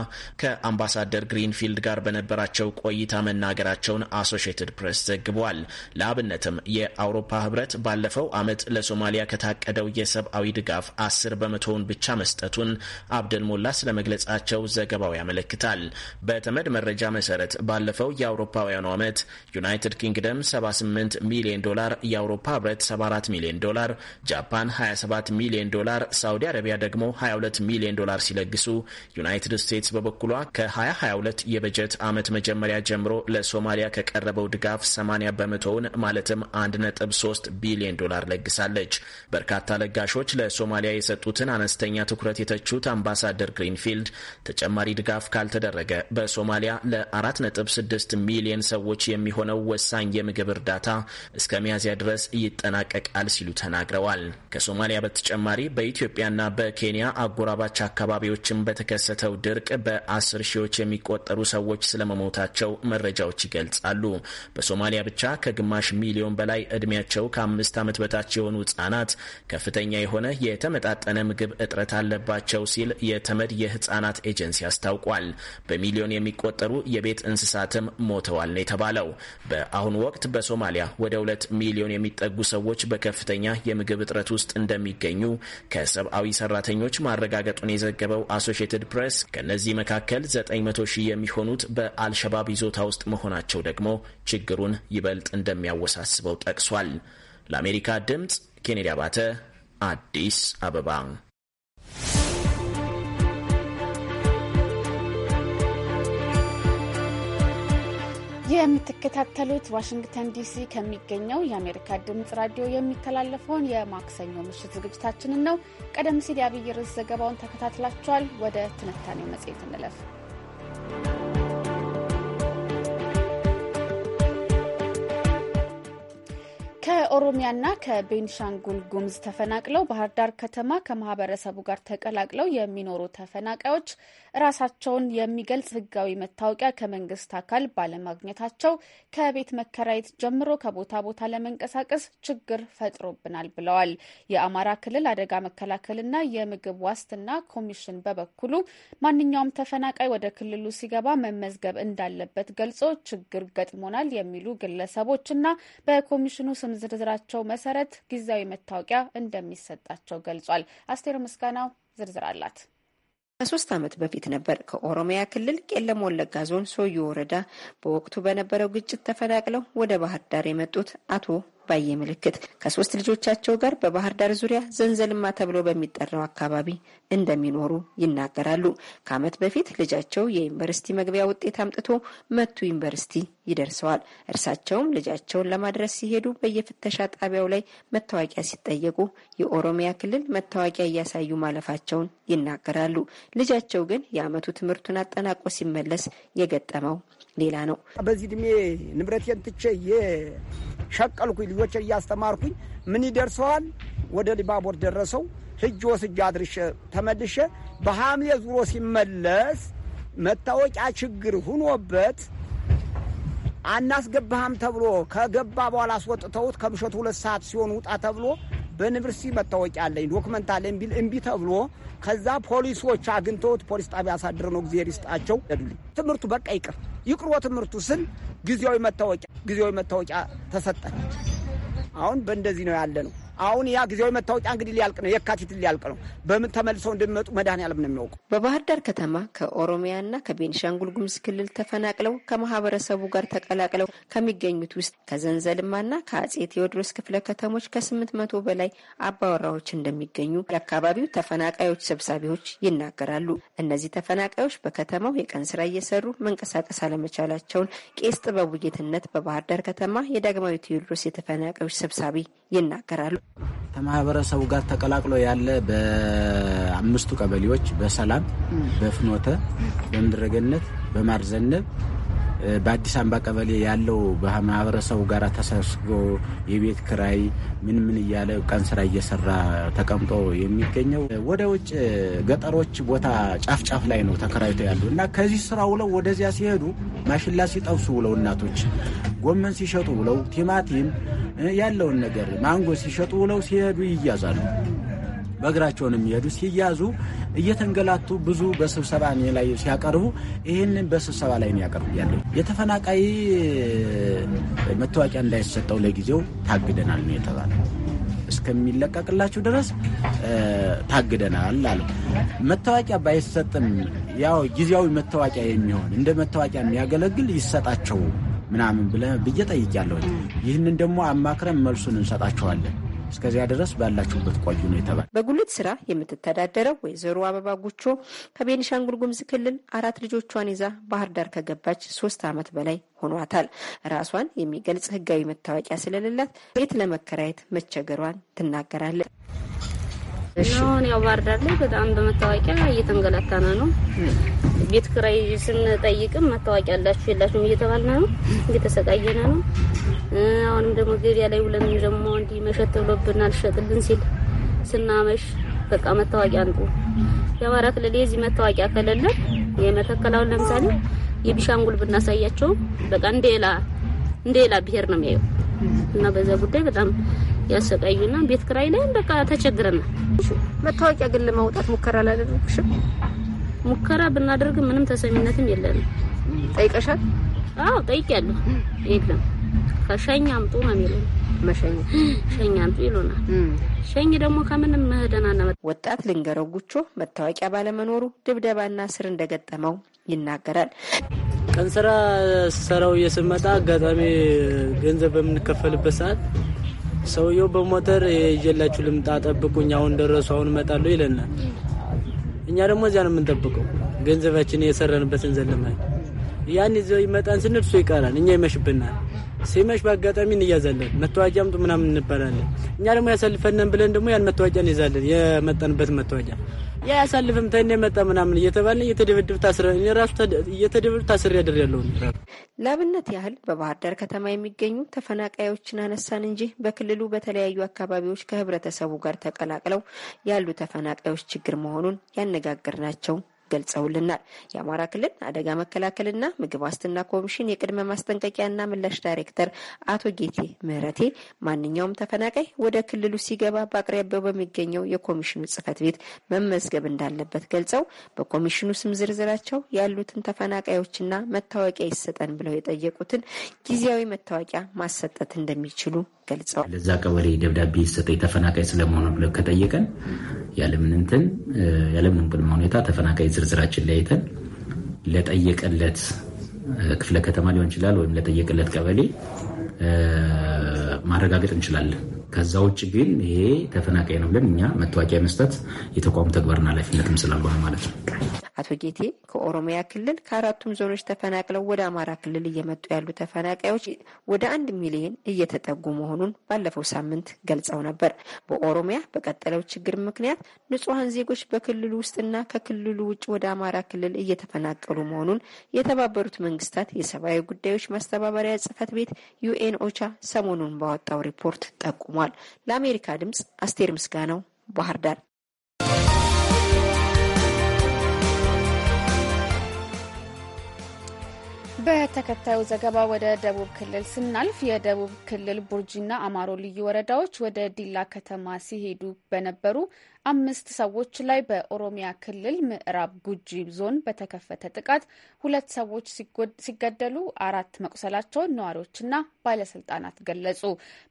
ከአምባሳደር ግሪንፊልድ ጋር በነበራቸው ቆይታ መናገራቸውን አሶሽትድ ፕሬስ ዘግቧል። ለአብነትም የአውሮፓ ህብረት ባለፈው ዓመት ለሶማሊያ ከታቀደው የሰብአዊ ድጋፍ አስር በመቶውን ብቻ መስጠቱን አብደል ሞላ ስለ መግለጻቸው ዘገባው ያመለክታል። በተመድ መረጃ መሰረት ባለፈው የአውሮፓውያኑ ዓመት ዩናይትድ ኪንግደም 78 ሚሊዮን ዶላር፣ የአውሮፓ ህብረት 74 ሚሊዮን ዶላር፣ ጃፓን 27 27 ሚሊዮን ዶላር፣ ሳውዲ አረቢያ ደግሞ 22 ሚሊዮን ዶላር ሲለግሱ ዩናይትድ ስቴትስ በበኩሏ ከ2022 የበጀት ዓመት መጀመሪያ ጀምሮ ለሶማሊያ ከቀረበው ድጋፍ 80 በመቶውን ማለትም 1.3 ቢሊዮን ዶላር ለግሳለች። በርካታ ለጋሾች ለሶማሊያ የሰጡትን አነስተኛ ትኩረት የተቹት አምባሳደር ግሪንፊልድ ተጨማሪ ድጋፍ ካልተደረገ በሶማሊያ ለ4.6 ሚሊዮን ሰዎች የሚሆነው ወሳኝ የምግብ እርዳታ እስከ ሚያዝያ ድረስ ይጠናቀቃል ሲሉ ተናግረዋል። ከሶማ ከሶማሊያ በተጨማሪ በኢትዮጵያና በኬንያ አጎራባች አካባቢዎችን በተከሰተው ድርቅ በአስር ሺዎች የሚቆጠሩ ሰዎች ስለመሞታቸው መረጃዎች ይገልጻሉ። በሶማሊያ ብቻ ከግማሽ ሚሊዮን በላይ እድሜያቸው ከአምስት ዓመት በታች የሆኑ ህጻናት ከፍተኛ የሆነ የተመጣጠነ ምግብ እጥረት አለባቸው ሲል የተመድ የህጻናት ኤጀንሲ አስታውቋል። በሚሊዮን የሚቆጠሩ የቤት እንስሳትም ሞተዋል ነው የተባለው። በአሁኑ ወቅት በሶማሊያ ወደ ሁለት ሚሊዮን የሚጠጉ ሰዎች በከፍተኛ የምግብ እጥረት ውስጥ እንደ እንደሚገኙ ከሰብአዊ ሰራተኞች ማረጋገጡን የዘገበው አሶሽትድ ፕሬስ ከእነዚህ መካከል 900 ሺህ የሚሆኑት በአልሸባብ ይዞታ ውስጥ መሆናቸው ደግሞ ችግሩን ይበልጥ እንደሚያወሳስበው ጠቅሷል። ለአሜሪካ ድምፅ ኬኔዲ አባተ አዲስ አበባ የምትከታተሉት ዋሽንግተን ዲሲ ከሚገኘው የአሜሪካ ድምጽ ራዲዮ የሚተላለፈውን የማክሰኞ ምሽት ዝግጅታችንን ነው። ቀደም ሲል የአብይ ርዕስ ዘገባውን ተከታትላችኋል። ወደ ትንታኔ መጽሔት እንለፍ። ከኦሮሚያና ከቤንሻንጉል ጉምዝ ተፈናቅለው ባህር ዳር ከተማ ከማህበረሰቡ ጋር ተቀላቅለው የሚኖሩ ተፈናቃዮች ራሳቸውን የሚገልጽ ህጋዊ መታወቂያ ከመንግስት አካል ባለማግኘታቸው ከቤት መከራየት ጀምሮ ከቦታ ቦታ ለመንቀሳቀስ ችግር ፈጥሮብናል ብለዋል። የአማራ ክልል አደጋ መከላከልና የምግብ ዋስትና ኮሚሽን በበኩሉ ማንኛውም ተፈናቃይ ወደ ክልሉ ሲገባ መመዝገብ እንዳለበት ገልጾ ችግር ገጥሞናል የሚሉ ግለሰቦችና በኮሚሽኑ ስም ዝርዝራቸው መሰረት ጊዜያዊ መታወቂያ እንደሚሰጣቸው ገልጿል። አስቴር ምስጋናው ዝርዝር አላት። ከሶስት ዓመት በፊት ነበር ከኦሮሚያ ክልል ቄለም ወለጋ ዞን ሶዩ ወረዳ በወቅቱ በነበረው ግጭት ተፈናቅለው ወደ ባህር ዳር የመጡት አቶ ባየ ምልክት ከሶስት ልጆቻቸው ጋር በባህር ዳር ዙሪያ ዘንዘልማ ተብሎ በሚጠራው አካባቢ እንደሚኖሩ ይናገራሉ። ከዓመት በፊት ልጃቸው የዩኒቨርሲቲ መግቢያ ውጤት አምጥቶ መቱ ዩኒቨርሲቲ ይደርሰዋል። እርሳቸውም ልጃቸውን ለማድረስ ሲሄዱ በየፍተሻ ጣቢያው ላይ መታወቂያ ሲጠየቁ የኦሮሚያ ክልል መታወቂያ እያሳዩ ማለፋቸውን ይናገራሉ። ልጃቸው ግን የዓመቱ ትምህርቱን አጠናቆ ሲመለስ የገጠመው ሌላ ነው። በዚህ እድሜ ንብረቴን ትቼ የሸቀልኩኝ ልጆች እያስተማርኩኝ ምን ይደርሰዋል? ወደ ሊባቦር ደረሰው ህጅ ወስጃ አድርሸ ተመልሸ በሐምሌ ዙሮ ሲመለስ መታወቂያ ችግር ሁኖበት አናስገባህም ተብሎ ከገባ በኋላ አስወጥተውት ከምሸቱ ሁለት ሰዓት ሲሆን ውጣ ተብሎ በዩኒቨርሲቲ መታወቂያ አለኝ ዶክመንት አለኝ ቢል እምቢ ተብሎ ከዛ ፖሊሶች አግኝተውት ፖሊስ ጣቢያ አሳድረ ነው ጊዜ ሪስጣቸው ትምህርቱ በቃ ይቅር ይቅሮ ትምህርቱ ስል ጊዜያዊ መታወቂያ ጊዜያዊ መታወቂያ ተሰጠን። አሁን በእንደዚህ ነው ያለ ነው። አሁን ያ ጊዜያዊ መታወቂያ እንግዲህ ሊያልቅ ነው፣ የካቲት ሊያልቅ ነው። በምን ተመልሰው እንደሚመጡ መድኃኔዓለም ነው የሚያውቁ። በባህር ዳር ከተማ ከኦሮሚያና ከቤኒሻንጉል ጉምዝ ክልል ተፈናቅለው ከማህበረሰቡ ጋር ተቀላቅለው ከሚገኙት ውስጥ ከዘንዘልማና ከአጼ ቴዎድሮስ ክፍለ ከተሞች ከስምንት መቶ በላይ አባወራዎች እንደሚገኙ የአካባቢው ተፈናቃዮች ሰብሳቢዎች ይናገራሉ። እነዚህ ተፈናቃዮች በከተማው የቀን ስራ እየሰሩ መንቀሳቀስ አለመቻላቸውን ቄስ ጥበቡ ጌትነት በባህር ዳር ከተማ የዳግማዊ ቴዎድሮስ የተፈናቃዮች ሰብሳቢ ይናገራሉ። ከማህበረሰቡ ጋር ተቀላቅሎ ያለ በአምስቱ ቀበሌዎች በሰላም፣ በፍኖተ፣ በምድረገነት፣ በማርዘነብ በአዲስ አበባ ቀበሌ ያለው ማህበረሰቡ ጋር ተሰብስቦ የቤት ክራይ ምን ምን እያለ ቀን ስራ እየሰራ ተቀምጦ የሚገኘው ወደ ውጭ ገጠሮች ቦታ ጫፍ ጫፍ ላይ ነው ተከራይቶ ያሉ እና ከዚህ ስራ ውለው ወደዚያ ሲሄዱ ማሽላ ሲጠብሱ ውለው እናቶች ጎመን ሲሸጡ ውለው ቲማቲም ያለውን ነገር ማንጎ ሲሸጡ ውለው ሲሄዱ ይያዛሉ። በእግራቸውን የሚሄዱ ሲያዙ እየተንገላቱ ብዙ በስብሰባ ላይ ሲያቀርቡ ይህንን በስብሰባ ላይ ነው ያቀርቡ ያለ የተፈናቃይ መታወቂያ እንዳይሰጠው ለጊዜው ታግደናል ነው የተባለ። እስከሚለቀቅላችሁ ድረስ ታግደናል አሉ። መታወቂያ ባይሰጥም ያው ጊዜያዊ መታወቂያ የሚሆን እንደ መታወቂያ የሚያገለግል ይሰጣቸው ምናምን ብለ ብዬ ያለሁ ይህንን ደግሞ አማክረን መልሱን እንሰጣቸዋለን እስከዚያ ድረስ ባላችሁበት ቆዩ ነው የተባለ። በጉልት ስራ የምትተዳደረው ወይዘሮ አበባ ጉቾ ከቤኒሻንጉል ጉምዝ ክልል አራት ልጆቿን ይዛ ባህር ዳር ከገባች ሶስት ዓመት በላይ ሆኗታል። ራሷን የሚገልጽ ህጋዊ መታወቂያ ስለሌላት ቤት ለመከራየት መቸገሯን ትናገራለች። አሁን ያው ባህር ዳር ላይ በጣም በመታወቂያ እየተንገላታነ ነው። ቤት ክራይ ስንጠይቅም መታወቂያ አላችሁ የላችሁም እየተባልና ነው፣ እየተሰቃየነ ነው። አሁንም ደግሞ ገበያ ላይ ውለን ደግሞ እንዲህ መሸት ብሎብን አልሸጥልን ሲል ስናመሽ በቃ መታወቂያ አንጡ። የአማራ ክልል የዚህ መታወቂያ ከሌለ የመተከላውን ለምሳሌ የቢሻንጉል ብናሳያቸው በቃ እንደላ እንደላ ብሄር ነው የሚያየው እና በዛ ጉዳይ በጣም ያሰቃዩና ቤት ክራይ ላይ በቃ ተቸግረና መታወቂያ ግን ለማውጣት ሙከራ አላደረግሽም? ሙከራ ብናደርግ ምንም ተሰሚነትም የለንም። ጠይቀሻል? አዎ ጠይቄያለሁ። የለም ከሸኝ አምጡ ነው የሚለው መሸኝ ሸኝ አምጡ ይሉናል። ሸኝ ደግሞ ከምንም መህደና ወጣት ልንገረው ጉቾ መታወቂያ ባለመኖሩ ድብደባና ስር እንደገጠመው ይናገራል። ቀን ስራ ሰራው እየስመጣ አጋጣሚ ገንዘብ በምንከፈልበት ሰዓት ሰውየው በሞተር የጀላችሁ ልምጣ ጠብቁኝ፣ አሁን ደረሱ፣ አሁን እመጣለሁ ይለናል። እኛ ደግሞ እዚያ ነው የምንጠብቀው፣ ገንዘባችን የሰረንበትን ዘለማል። ያን ይዘው ይመጣን ስንል እሱ ይቀራል፣ እኛ ይመሽብናል። ሲመሽ በአጋጣሚ እንያዛለን። መታወቂያ አምጡ ምናምን እንባላለን። እኛ ደግሞ ያሳልፈናን ብለን ደግሞ ያን መታወቂያ እንይዛለን፣ የመጣንበት መታወቂያ ያ ያሳልፍም ተኔ መጣ ምናምን እየተባለ እየተደበደብ ታስረ ራሱ እየተደበደብ ታስሬ ያድር ያለውን ለአብነት ያህል በባህር ዳር ከተማ የሚገኙ ተፈናቃዮችን አነሳን እንጂ በክልሉ በተለያዩ አካባቢዎች ከህብረተሰቡ ጋር ተቀላቅለው ያሉ ተፈናቃዮች ችግር መሆኑን ያነጋግር ናቸው ገልጸውልናል። የአማራ ክልል አደጋ መከላከልና ምግብ ዋስትና ኮሚሽን የቅድመ ማስጠንቀቂያና ምላሽ ዳይሬክተር አቶ ጌቴ ምህረቴ ማንኛውም ተፈናቃይ ወደ ክልሉ ሲገባ በአቅራቢያው በሚገኘው የኮሚሽኑ ጽህፈት ቤት መመዝገብ እንዳለበት ገልጸው በኮሚሽኑ ስም ዝርዝራቸው ያሉትን ተፈናቃዮችና መታወቂያ ይሰጠን ብለው የጠየቁትን ጊዜያዊ መታወቂያ ማሰጠት እንደሚችሉ ገልጸዋል። ለዛ ቀበሌ ደብዳቤ ይሰጠ የተፈናቃይ ስለመሆኑ ብለው ከጠየቀን ያለምን እንትን ያለምንም ቅድመ ሁኔታ ተፈናቃይ ዝርዝራችን ለይተን ለጠየቀለት ክፍለ ከተማ ሊሆን ይችላል ወይም ለጠየቀለት ቀበሌ ማረጋገጥ እንችላለን። ከዛ ውጭ ግን ይሄ ተፈናቃይ ነው ብለን እኛ መታወቂያ መስጠት የተቋሙ ተግባርና ኃላፊነትም ስላልሆነ ማለት ነው። አቶ ጌቴ ከኦሮሚያ ክልል ከአራቱም ዞኖች ተፈናቅለው ወደ አማራ ክልል እየመጡ ያሉ ተፈናቃዮች ወደ አንድ ሚሊዮን እየተጠጉ መሆኑን ባለፈው ሳምንት ገልጸው ነበር። በኦሮሚያ በቀጠለው ችግር ምክንያት ንጹሐን ዜጎች በክልሉ ውስጥና ከክልሉ ውጭ ወደ አማራ ክልል እየተፈናቀሉ መሆኑን የተባበሩት መንግስታት የሰብአዊ ጉዳዮች ማስተባበሪያ ጽህፈት ቤት ዩኤን ኦቻ ሰሞኑን ባወጣው ሪፖርት ጠቁሟል። ተጠቅሟል። ለአሜሪካ ድምጽ አስቴር ምስጋናው ባህር ዳር። በተከታዩ ዘገባ ወደ ደቡብ ክልል ስናልፍ የደቡብ ክልል ቡርጂና አማሮ ልዩ ወረዳዎች ወደ ዲላ ከተማ ሲሄዱ በነበሩ አምስት ሰዎች ላይ በኦሮሚያ ክልል ምዕራብ ጉጂ ዞን በተከፈተ ጥቃት ሁለት ሰዎች ሲገደሉ አራት መቁሰላቸውን ነዋሪዎችና ባለስልጣናት ገለጹ።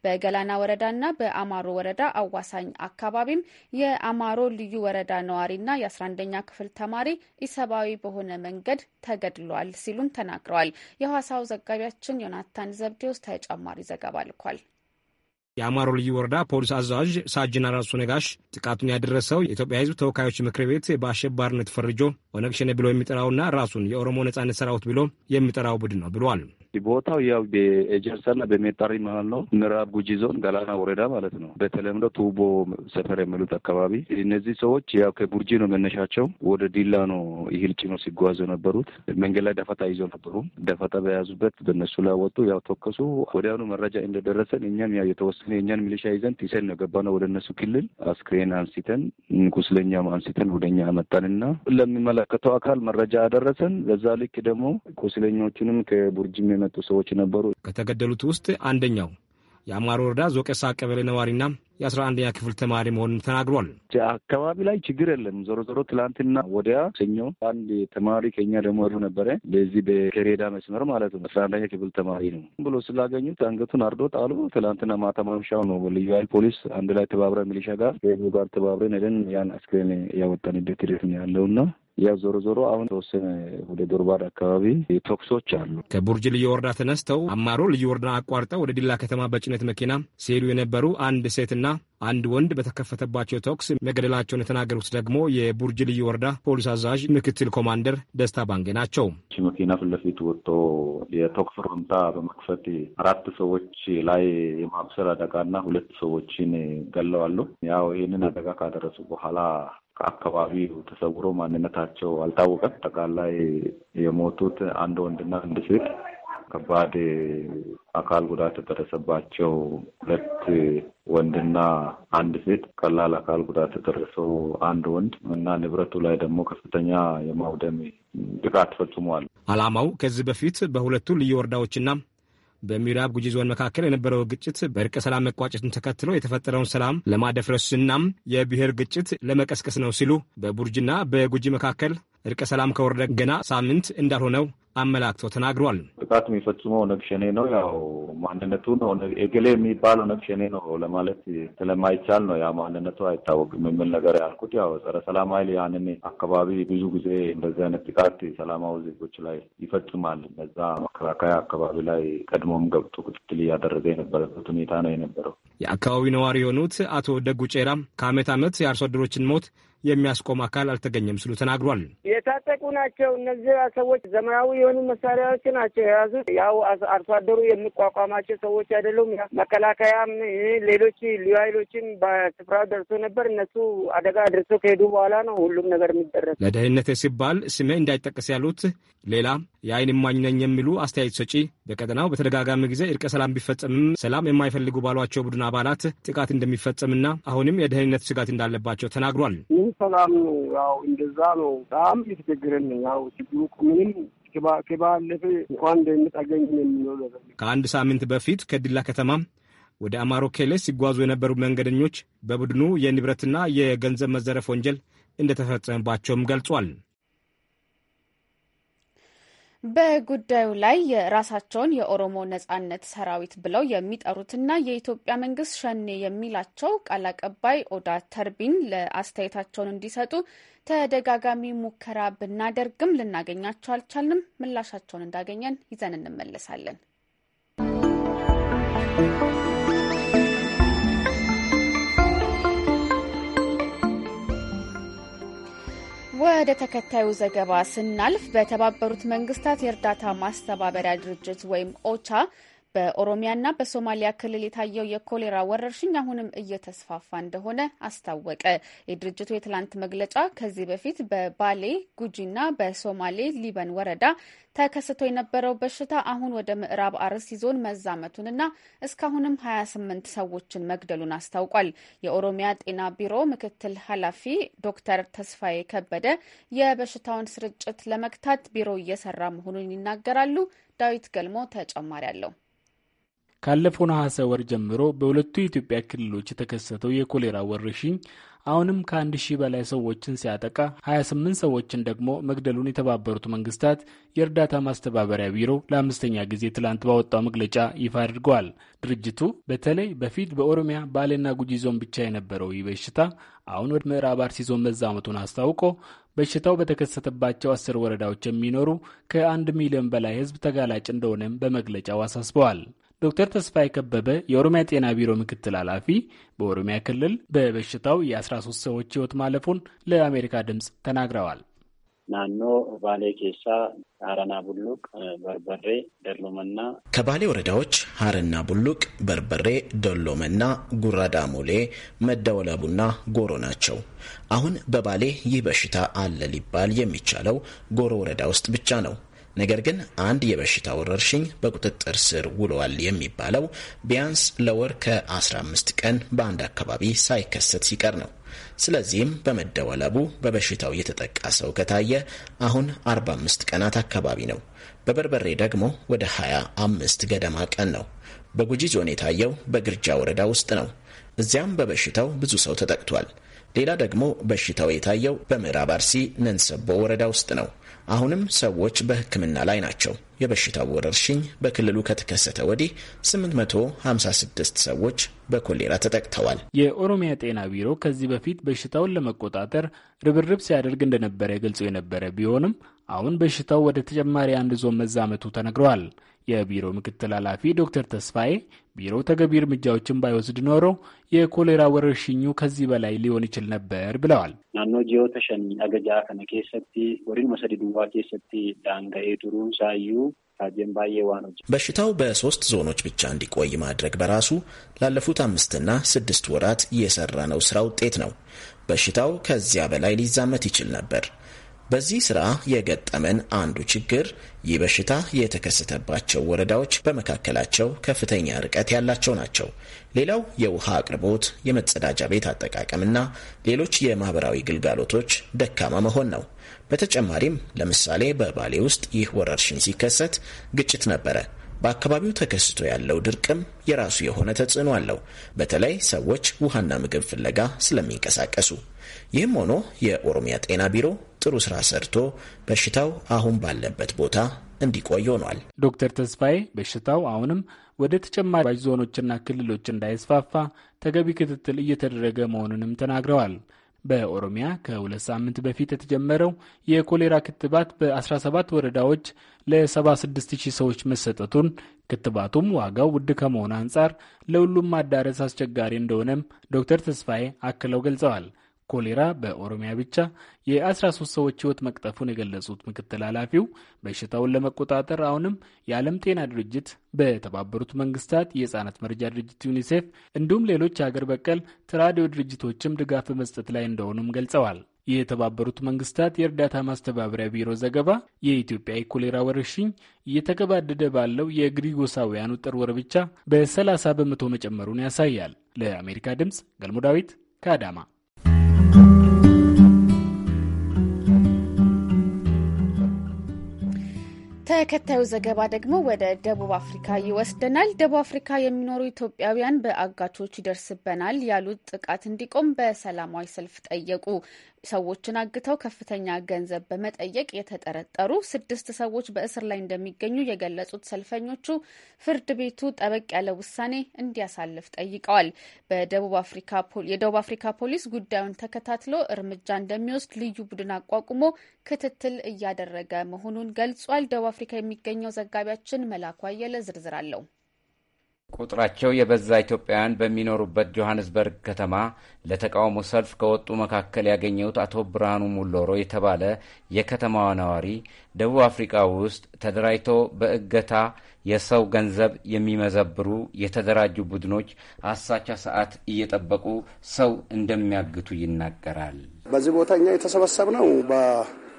በገላና ወረዳና በአማሮ ወረዳ አዋሳኝ አካባቢም የአማሮ ልዩ ወረዳ ነዋሪና የ11ኛ ክፍል ተማሪ ኢሰብአዊ በሆነ መንገድ ተገድሏል ሲሉም ተናግረዋል። የሐዋሳው ዘጋቢያችን ዮናታን ዘብዴዎስ ተጨማሪ ዘገባ ልኳል። የአማሮ ልዩ ወረዳ ፖሊስ አዛዥ ሳጅና ራሱ ነጋሽ ጥቃቱን ያደረሰው የኢትዮጵያ ሕዝብ ተወካዮች ምክር ቤት በአሸባሪነት ፈርጆ ኦነግ ሸኔ ብሎ የሚጠራውና ራሱን የኦሮሞ ነጻነት ሰራዊት ብሎ የሚጠራው ቡድን ነው ብሏል። ቦታው ያው በኤጀንሳና በሜጣሪ መሀል ነው። ምዕራብ ጉጂ ዞን ገላና ወረዳ ማለት ነው። በተለምዶ ቱቦ ሰፈር የሚሉት አካባቢ እነዚህ ሰዎች ያው ከቡርጂ ነው መነሻቸው። ወደ ዲላ ነው ይህል ጭኖ ሲጓዙ ነበሩት። መንገድ ላይ ደፈጣ ይዞ ነበሩ። ደፈጣ በያዙበት በነሱ ላይ ወጡ። ያው ተኮሱ። ወዲያውኑ መረጃ እንደደረሰን እኛም ያው የተወሰነ የእኛን ሚሊሻ ይዘን ቲሰን ነው ገባ ነው ወደ እነሱ ክልል። አስክሬን አንስተን ቁስለኛም አንስተን ወደ እኛ መጣንና ለሚመለከተው አካል መረጃ አደረሰን። በዛ ልክ ደግሞ ቁስለኞቹንም ከቡርጂ የመጡ ሰዎች ነበሩ። ከተገደሉት ውስጥ አንደኛው የአማሮ ወረዳ ዞቄሳ ቀበሌ ነዋሪና የአስራ አንደኛ ክፍል ተማሪ መሆኑን ተናግሯል። አካባቢ ላይ ችግር የለም። ዞሮ ዞሮ ትላንትና ወዲያ ሰኞ አንድ ተማሪ ከኛ ደግሞ ሩ ነበረ በዚህ በከሬዳ መስመር ማለት ነው። አስራ አንደኛ ክፍል ተማሪ ነው ብሎ ስላገኙት አንገቱን አርዶ ጣሉ። ትላንትና ማታ ማምሻው ነው ልዩ ኃይል ፖሊስ አንድ ላይ ተባብረ ሚሊሻ ጋር ከህዝቡ ጋር ተባብረን ሄደን ያን አስክሬን ያወጣንበት ሂደት ነው ያለውና ያ ዞሮ ዞሮ አሁን ተወሰነ ወደ ዶርባር አካባቢ ተኩሶች አሉ። ከቡርጅ ልዩ ወረዳ ተነስተው አማሮ ልዩ ወረዳ አቋርጠው ወደ ዲላ ከተማ በጭነት መኪና ሲሄዱ የነበሩ አንድ ሴትና አንድ ወንድ በተከፈተባቸው ተኩስ መገደላቸውን የተናገሩት ደግሞ የቡርጅ ልዩ ወረዳ ፖሊስ አዛዥ ምክትል ኮማንደር ደስታ ባንጌ ናቸው። መኪና ፊት ለፊት ወጥቶ የተኩስ ሩምታ በመክፈት አራት ሰዎች ላይ የማብሰል አደጋና ሁለት ሰዎችን ገለዋሉ። ያው ይህንን አደጋ ካደረሱ በኋላ ከአካባቢው ተሰውሮ ማንነታቸው አልታወቀም። ጠቃላይ የሞቱት አንድ ወንድና አንድ ሴት፣ ከባድ አካል ጉዳት የደረሰባቸው ሁለት ወንድና አንድ ሴት፣ ቀላል አካል ጉዳት የደረሰው አንድ ወንድ እና ንብረቱ ላይ ደግሞ ከፍተኛ የማውደም ጥቃት ፈጽሟል። ዓላማው ከዚህ በፊት በሁለቱ ልዩ ወረዳዎችና በምዕራብ ጉጂ ዞን መካከል የነበረው ግጭት በእርቀ ሰላም መቋጨትን ተከትሎ የተፈጠረውን ሰላም ለማደፍረስናም የብሔር ግጭት ለመቀስቀስ ነው ሲሉ በቡርጅና በጉጂ መካከል እርቀ ሰላም ከወረደ ገና ሳምንት እንዳልሆነው አመላክቶ ተናግሯል። ጥቃት የሚፈጽመው ኦነግ ሸኔ ነው። ያው ማንነቱ ኤገሌ የሚባል ኦነግ ሸኔ ነው ለማለት ስለማይቻል ነው። ያ ማንነቱ አይታወቅም የሚል ነገር ያልኩት ያው ጸረ ሰላም ኃይል ያንን አካባቢ ብዙ ጊዜ እንደዚህ አይነት ጥቃት ሰላማዊ ዜጎች ላይ ይፈጽማል። እነዛ መከላከያ አካባቢ ላይ ቀድሞም ገብቶ ክትትል እያደረገ የነበረበት ሁኔታ ነው የነበረው። የአካባቢው ነዋሪ የሆኑት አቶ ደጉ ጬራ ከአመት አመት የአርሶ አደሮችን ሞት የሚያስቆም አካል አልተገኘም ሲሉ ተናግሯል። የታጠቁ ናቸው እነዚህ ሰዎች ዘመናዊ የሆኑ መሳሪያዎች ናቸው የያዙት። ያው አርሶ አደሩ የሚቋቋማቸው ሰዎች አይደሉም። መከላከያም ሌሎች ልዩ ኃይሎችም በስፍራው ደርሶ ነበር። እነሱ አደጋ ደርሶ ከሄዱ በኋላ ነው ሁሉም ነገር የሚደረስ። ለደህንነት ሲባል ስሜ እንዳይጠቀስ ያሉት ሌላ የአይን እማኝ ነኝ የሚሉ አስተያየት ሰጪ በቀጠናው በተደጋጋሚ ጊዜ እርቀ ሰላም ቢፈጸምም ሰላም የማይፈልጉ ባሏቸው ቡድን አባላት ጥቃት እንደሚፈጸምና አሁንም የደህንነት ስጋት እንዳለባቸው ተናግሯል። ሰላም ነው። ያው እንደዛ ነው። በጣም እየተቸገረን ያው ችግሩ ምንም ከባለፈ እንኳን እንደምጣገኝ የሚለው ከአንድ ሳምንት በፊት ከዲላ ከተማ ወደ አማሮ ኬሌ ሲጓዙ የነበሩ መንገደኞች በቡድኑ የንብረትና የገንዘብ መዘረፍ ወንጀል እንደተፈጸመባቸውም ገልጿል። በጉዳዩ ላይ የራሳቸውን የኦሮሞ ነጻነት ሰራዊት ብለው የሚጠሩትና የኢትዮጵያ መንግስት ሸኔ የሚላቸው ቃል አቀባይ ኦዳ ተርቢን ለአስተያየታቸውን እንዲሰጡ ተደጋጋሚ ሙከራ ብናደርግም ልናገኛቸው አልቻልንም። ምላሻቸውን እንዳገኘን ይዘን እንመለሳለን። ወደ ተከታዩ ዘገባ ስናልፍ በተባበሩት መንግስታት የእርዳታ ማስተባበሪያ ድርጅት ወይም ኦቻ በኦሮሚያና በሶማሊያ ክልል የታየው የኮሌራ ወረርሽኝ አሁንም እየተስፋፋ እንደሆነ አስታወቀ። የድርጅቱ የትላንት መግለጫ ከዚህ በፊት በባሌ ጉጂና በሶማሌ ሊበን ወረዳ ተከስቶ የነበረው በሽታ አሁን ወደ ምዕራብ አርሲ ዞን መዛመቱንና እስካሁንም 28 ሰዎችን መግደሉን አስታውቋል። የኦሮሚያ ጤና ቢሮ ምክትል ኃላፊ ዶክተር ተስፋዬ ከበደ የበሽታውን ስርጭት ለመግታት ቢሮ እየሰራ መሆኑን ይናገራሉ። ዳዊት ገልሞ ተጨማሪ አለው። ካለፈው ነሐሴ ወር ጀምሮ በሁለቱ የኢትዮጵያ ክልሎች የተከሰተው የኮሌራ ወረርሽኝ አሁንም ከአንድ ሺህ በላይ ሰዎችን ሲያጠቃ 28 ሰዎችን ደግሞ መግደሉን የተባበሩት መንግስታት የእርዳታ ማስተባበሪያ ቢሮ ለአምስተኛ ጊዜ ትላንት ባወጣው መግለጫ ይፋ አድርገዋል። ድርጅቱ በተለይ በፊት በኦሮሚያ ባሌና ጉጂ ዞን ብቻ የነበረው ይህ በሽታ አሁን ወደ ምዕራብ አርሲ ዞን መዛመቱን አስታውቆ በሽታው በተከሰተባቸው አስር ወረዳዎች የሚኖሩ ከአንድ ሚሊዮን በላይ ህዝብ ተጋላጭ እንደሆነም በመግለጫው አሳስበዋል። ዶክተር ተስፋይ ከበበ የኦሮሚያ ጤና ቢሮ ምክትል ኃላፊ በኦሮሚያ ክልል በበሽታው የ13 ሰዎች ሕይወት ማለፉን ለአሜሪካ ድምፅ ተናግረዋል። ናኖ ባሌ ኬሳ ሀረና ቡሉቅ በርበሬ ደሎመና ከባሌ ወረዳዎች ሀረና ቡሉቅ፣ በርበሬ፣ ደሎመና፣ ጉራ ዳሞሌ፣ መደወለቡና ጎሮ ናቸው። አሁን በባሌ ይህ በሽታ አለ ሊባል የሚቻለው ጎሮ ወረዳ ውስጥ ብቻ ነው። ነገር ግን አንድ የበሽታ ወረርሽኝ በቁጥጥር ስር ውለዋል የሚባለው ቢያንስ ለወር ከ15 ቀን በአንድ አካባቢ ሳይከሰት ሲቀር ነው። ስለዚህም በመደወለቡ በበሽታው የተጠቃ ሰው ከታየ አሁን 45 ቀናት አካባቢ ነው። በበርበሬ ደግሞ ወደ 25 ገደማ ቀን ነው። በጉጂ ዞን የታየው በግርጃ ወረዳ ውስጥ ነው። እዚያም በበሽታው ብዙ ሰው ተጠቅቷል። ሌላ ደግሞ በሽታው የታየው በምዕራብ አርሲ ነንሰቦ ወረዳ ውስጥ ነው። አሁንም ሰዎች በሕክምና ላይ ናቸው። የበሽታው ወረርሽኝ በክልሉ ከተከሰተ ወዲህ 856 ሰዎች በኮሌራ ተጠቅተዋል። የኦሮሚያ ጤና ቢሮ ከዚህ በፊት በሽታውን ለመቆጣጠር ርብርብ ሲያደርግ እንደነበረ ገልጾ የነበረ ቢሆንም አሁን በሽታው ወደ ተጨማሪ አንድ ዞን መዛመቱ ተነግረዋል። የቢሮ ምክትል ኃላፊ ዶክተር ተስፋዬ ቢሮው ተገቢ እርምጃዎችን ባይወስድ ኖሮ የኮሌራ ወረርሽኙ ከዚህ በላይ ሊሆን ይችል ነበር ብለዋል። ናኖ ጂዮ ተሸኒ አገጃ ከነ ኬሰቲ ወሪን መሰዲ ዱዋ ኬሰቲ ዳንጋኤ ዱሩን ሳዩ በሽታው በሶስት ዞኖች ብቻ እንዲቆይ ማድረግ በራሱ ላለፉት አምስትና ስድስት ወራት ነው ስራ ውጤት ነው። በሽታው ከዚያ በላይ ሊዛመት ይችል ነበር። በዚህ ስራ የገጠመን አንዱ ችግር ይህ በሽታ የተከሰተባቸው ወረዳዎች በመካከላቸው ከፍተኛ ርቀት ያላቸው ናቸው። ሌላው የውሃ አቅርቦት፣ የመጸዳጃ ቤት አጠቃቀምና ሌሎች የማህበራዊ ግልጋሎቶች ደካማ መሆን ነው። በተጨማሪም ለምሳሌ በባሌ ውስጥ ይህ ወረርሽኝ ሲከሰት ግጭት ነበረ። በአካባቢው ተከስቶ ያለው ድርቅም የራሱ የሆነ ተጽዕኖ አለው፣ በተለይ ሰዎች ውሃና ምግብ ፍለጋ ስለሚንቀሳቀሱ። ይህም ሆኖ የኦሮሚያ ጤና ቢሮ ጥሩ ስራ ሰርቶ በሽታው አሁን ባለበት ቦታ እንዲቆይ ሆኗል። ዶክተር ተስፋዬ በሽታው አሁንም ወደ ተጨማሪ ዞኖችና ክልሎች እንዳይስፋፋ ተገቢ ክትትል እየተደረገ መሆኑንም ተናግረዋል። በኦሮሚያ ከሁለት ሳምንት በፊት የተጀመረው የኮሌራ ክትባት በ17 ወረዳዎች ለ76000 ሰዎች መሰጠቱን ክትባቱም ዋጋው ውድ ከመሆኑ አንጻር ለሁሉም ማዳረስ አስቸጋሪ እንደሆነም ዶክተር ተስፋዬ አክለው ገልጸዋል። ኮሌራ በኦሮሚያ ብቻ የ13 ሰዎች ህይወት መቅጠፉን የገለጹት ምክትል ኃላፊው በሽታውን ለመቆጣጠር አሁንም የዓለም ጤና ድርጅት በተባበሩት መንግስታት የህፃናት መረጃ ድርጅት ዩኒሴፍ እንዲሁም ሌሎች አገር በቀል ትራዲዮ ድርጅቶችም ድጋፍ በመስጠት ላይ እንደሆኑም ገልጸዋል። የተባበሩት መንግስታት የእርዳታ ማስተባበሪያ ቢሮ ዘገባ የኢትዮጵያ የኮሌራ ወረርሽኝ እየተገባደደ ባለው የግሪጎሳውያኑ ጥር ወር ብቻ በ30 በመቶ መጨመሩን ያሳያል። ለአሜሪካ ድምፅ ገልሞ ዳዊት ከአዳማ ተከታዩ ዘገባ ደግሞ ወደ ደቡብ አፍሪካ ይወስደናል። ደቡብ አፍሪካ የሚኖሩ ኢትዮጵያውያን በአጋቾች ይደርስበናል ያሉት ጥቃት እንዲቆም በሰላማዊ ሰልፍ ጠየቁ። ሰዎችን አግተው ከፍተኛ ገንዘብ በመጠየቅ የተጠረጠሩ ስድስት ሰዎች በእስር ላይ እንደሚገኙ የገለጹት ሰልፈኞቹ ፍርድ ቤቱ ጠበቅ ያለ ውሳኔ እንዲያሳልፍ ጠይቀዋል። የደቡብ አፍሪካ ፖሊስ ጉዳዩን ተከታትሎ እርምጃ እንደሚወስድ ልዩ ቡድን አቋቁሞ ክትትል እያደረገ መሆኑን ገልጿል። ደቡብ አፍሪካ የሚገኘው ዘጋቢያችን መላኩ አየለ ዝርዝር አለው። ቁጥራቸው የበዛ ኢትዮጵያውያን በሚኖሩበት ጆሐንስበርግ ከተማ ለተቃውሞ ሰልፍ ከወጡ መካከል ያገኘሁት አቶ ብርሃኑ ሙሎሮ የተባለ የከተማዋ ነዋሪ ደቡብ አፍሪካ ውስጥ ተደራጅቶ በእገታ የሰው ገንዘብ የሚመዘብሩ የተደራጁ ቡድኖች አሳቻ ሰዓት እየጠበቁ ሰው እንደሚያግቱ ይናገራል። በዚህ ቦታ እኛ የተሰበሰብነው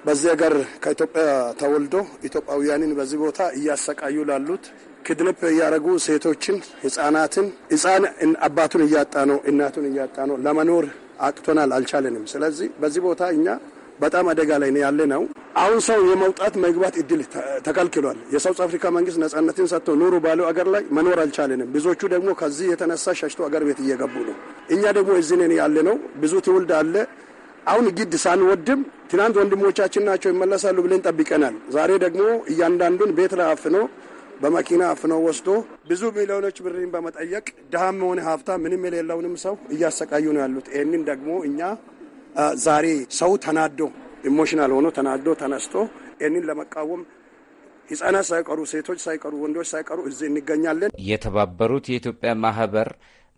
በዚህ ሀገር ከኢትዮጵያ ተወልዶ ኢትዮጵያውያንን በዚህ ቦታ እያሰቃዩ ላሉት ክድንፕ እያደረጉ ሴቶችን፣ ህጻናትን ህጻን አባቱን እያጣ ነው፣ እናቱን እያጣ ነው። ለመኖር አቅቶናል፣ አልቻለንም። ስለዚህ በዚህ ቦታ እኛ በጣም አደጋ ላይ ያለ ነው። አሁን ሰው የመውጣት መግባት እድል ተከልክሏል። የሳውት አፍሪካ መንግስት ነጻነትን ሰጥቶ ኑሩ ባለው አገር ላይ መኖር አልቻለንም። ብዙዎቹ ደግሞ ከዚህ የተነሳ ሸሽቶ አገር ቤት እየገቡ ነው። እኛ ደግሞ እዚህ ነን ያለ ነው። ብዙ ትውልድ አለ። አሁን ግድ ሳንወድም ትናንት ወንድሞቻችን ናቸው ይመለሳሉ ብለን ጠብቀናል። ዛሬ ደግሞ እያንዳንዱን ቤት ላይ አፍኖ በመኪና አፍነው ወስዶ ብዙ ሚሊዮኖች ብርን በመጠየቅ ድሃም ሆነ ሀብታ ምንም የሌለውንም ሰው እያሰቃዩ ነው ያሉት። ይህንን ደግሞ እኛ ዛሬ ሰው ተናዶ ኢሞሽናል ሆኖ ተናዶ ተነስቶ ይህንን ለመቃወም ህጻናት ሳይቀሩ፣ ሴቶች ሳይቀሩ፣ ወንዶች ሳይቀሩ እዚህ እንገኛለን። የተባበሩት የኢትዮጵያ ማህበር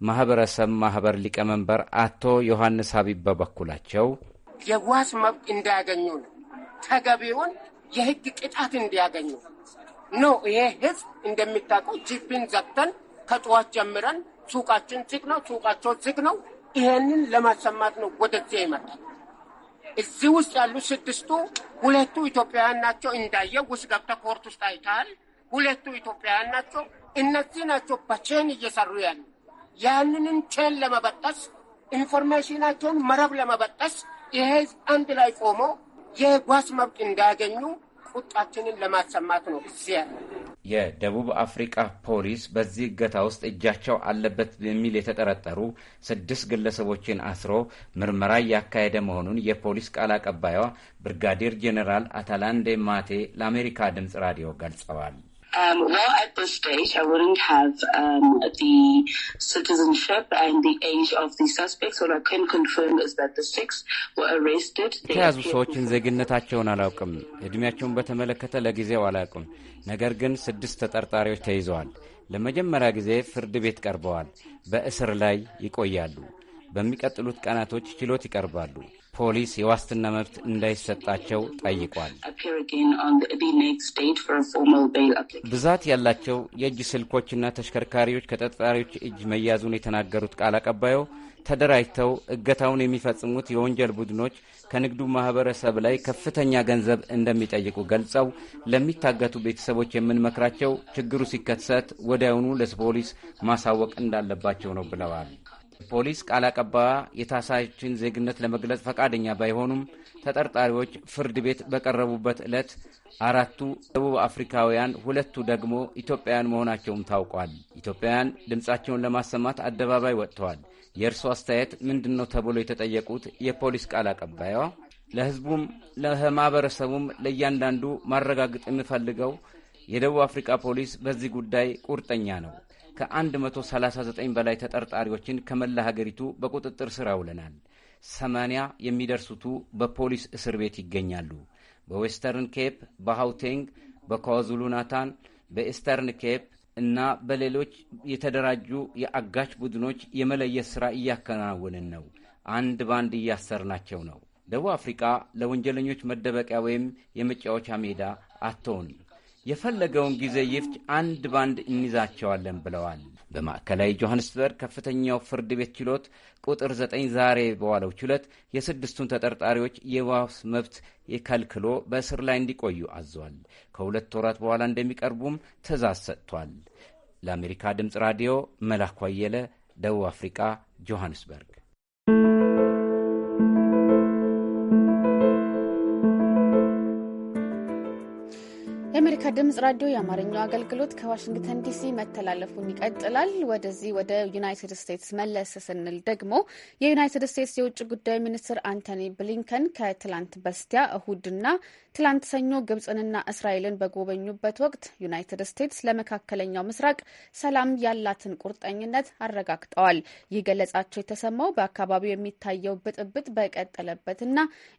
ማህበረሰብ ማህበር ሊቀመንበር አቶ ዮሐንስ ሀቢብ በበኩላቸው የዋስ መብት እንዳያገኙ ነው ተገቢውን የህግ ቅጣት እንዲያገኙ ኖ ይሄ ህዝብ እንደሚታውቀው ጂፒን ዘግተን ከጠዋት ጀምረን ሱቃችን ዝግ ነው፣ ሱቃቸው ዝግ ነው። ይሄንን ለማሰማት ነው ወደዚህ ይመጣል። እዚህ ውስጥ ያሉ ስድስቱ ሁለቱ ኢትዮጵያውያን ናቸው። እንዳየ ውስጥ ገብተ ኮርት ውስጥ አይተሃል። ሁለቱ ኢትዮጵያውያን ናቸው። እነዚህ ናቸው በቼን እየሰሩ ያሉ። ያንንን ቼን ለመበጠስ ኢንፎርሜሽናቸውን መረብ ለመበጠስ ይሄ ህዝብ አንድ ላይ ቆሞ የጓስ መብት እንዳያገኙ ቁጣችንን ለማሰማት ነው እዚህ ያለ። የደቡብ አፍሪካ ፖሊስ በዚህ እገታ ውስጥ እጃቸው አለበት በሚል የተጠረጠሩ ስድስት ግለሰቦችን አስሮ ምርመራ እያካሄደ መሆኑን የፖሊስ ቃል አቀባይዋ ብርጋዴር ጄኔራል አታላንዴ ማቴ ለአሜሪካ ድምፅ ራዲዮ ገልጸዋል። Um, well, at this stage, I wouldn't have um, the citizenship and the age of the suspects. What I can confirm is that the six were arrested. የተያዙ ሰዎችን ዜግነታቸውን አላውቅም፣ እድሜያቸውን በተመለከተ ለጊዜው አላውቅም። ነገር ግን ስድስት ተጠርጣሪዎች ተይዘዋል። ለመጀመሪያ ጊዜ ፍርድ ቤት ቀርበዋል። በእስር ላይ ይቆያሉ። በሚቀጥሉት ቀናቶች ችሎት ይቀርባሉ። ፖሊስ የዋስትና መብት እንዳይሰጣቸው ጠይቋል። ብዛት ያላቸው የእጅ ስልኮችና ተሽከርካሪዎች ከጠጣሪዎች እጅ መያዙን የተናገሩት ቃል አቀባዩ ተደራጅተው እገታውን የሚፈጽሙት የወንጀል ቡድኖች ከንግዱ ማህበረሰብ ላይ ከፍተኛ ገንዘብ እንደሚጠይቁ ገልጸው ለሚታገቱ ቤተሰቦች የምንመክራቸው ችግሩ ሲከሰት ወዲያውኑ ለፖሊስ ማሳወቅ እንዳለባቸው ነው ብለዋል። ፖሊስ ቃል አቀባዋ የታሳችን ዜግነት ለመግለጽ ፈቃደኛ ባይሆኑም ተጠርጣሪዎች ፍርድ ቤት በቀረቡበት ዕለት አራቱ ደቡብ አፍሪካውያን፣ ሁለቱ ደግሞ ኢትዮጵያውያን መሆናቸውም ታውቋል። ኢትዮጵያውያን ድምፃቸውን ለማሰማት አደባባይ ወጥተዋል። የእርስዎ አስተያየት ምንድን ነው ተብሎ የተጠየቁት የፖሊስ ቃል አቀባይዋ ለሕዝቡም ለማህበረሰቡም ለእያንዳንዱ ማረጋገጥ የምፈልገው የደቡብ አፍሪካ ፖሊስ በዚህ ጉዳይ ቁርጠኛ ነው። ከ139 በላይ ተጠርጣሪዎችን ከመላ ሀገሪቱ በቁጥጥር ስር አውለናል። 80 የሚደርሱቱ በፖሊስ እስር ቤት ይገኛሉ። በዌስተርን ኬፕ፣ በሃውቴንግ፣ በኳዙሉ ናታን፣ በኢስተርን ኬፕ እና በሌሎች የተደራጁ የአጋች ቡድኖች የመለየት ሥራ እያከናወንን ነው። አንድ ባንድ እያሰርናቸው ነው። ደቡብ አፍሪቃ ለወንጀለኞች መደበቂያ ወይም የመጫወቻ ሜዳ አትሆንም። የፈለገውን ጊዜ ይፍጭ፣ አንድ ባንድ እንይዛቸዋለን ብለዋል። በማዕከላዊ ጆሐንስበርግ ከፍተኛው ፍርድ ቤት ችሎት ቁጥር ዘጠኝ ዛሬ በዋለው ችሎት የስድስቱን ተጠርጣሪዎች የዋስ መብት ከልክሎ በእስር ላይ እንዲቆዩ አዟል። ከሁለት ወራት በኋላ እንደሚቀርቡም ትዕዛዝ ሰጥቷል። ለአሜሪካ ድምፅ ራዲዮ መላኩ አየለ፣ ደቡብ አፍሪካ ጆሐንስበርግ የአሜሪካ ድምጽ ራዲዮ የአማርኛው አገልግሎት ከዋሽንግተን ዲሲ መተላለፉን ይቀጥላል። ወደዚህ ወደ ዩናይትድ ስቴትስ መለስ ስንል ደግሞ የዩናይትድ ስቴትስ የውጭ ጉዳይ ሚኒስትር አንቶኒ ብሊንከን ከትላንት በስቲያ እሁድና ትላንት ሰኞ ግብጽንና እስራኤልን በጎበኙበት ወቅት ዩናይትድ ስቴትስ ለመካከለኛው ምስራቅ ሰላም ያላትን ቁርጠኝነት አረጋግጠዋል። ይህ ገለጻቸው የተሰማው በአካባቢው የሚታየው ብጥብጥ በቀጠለበትና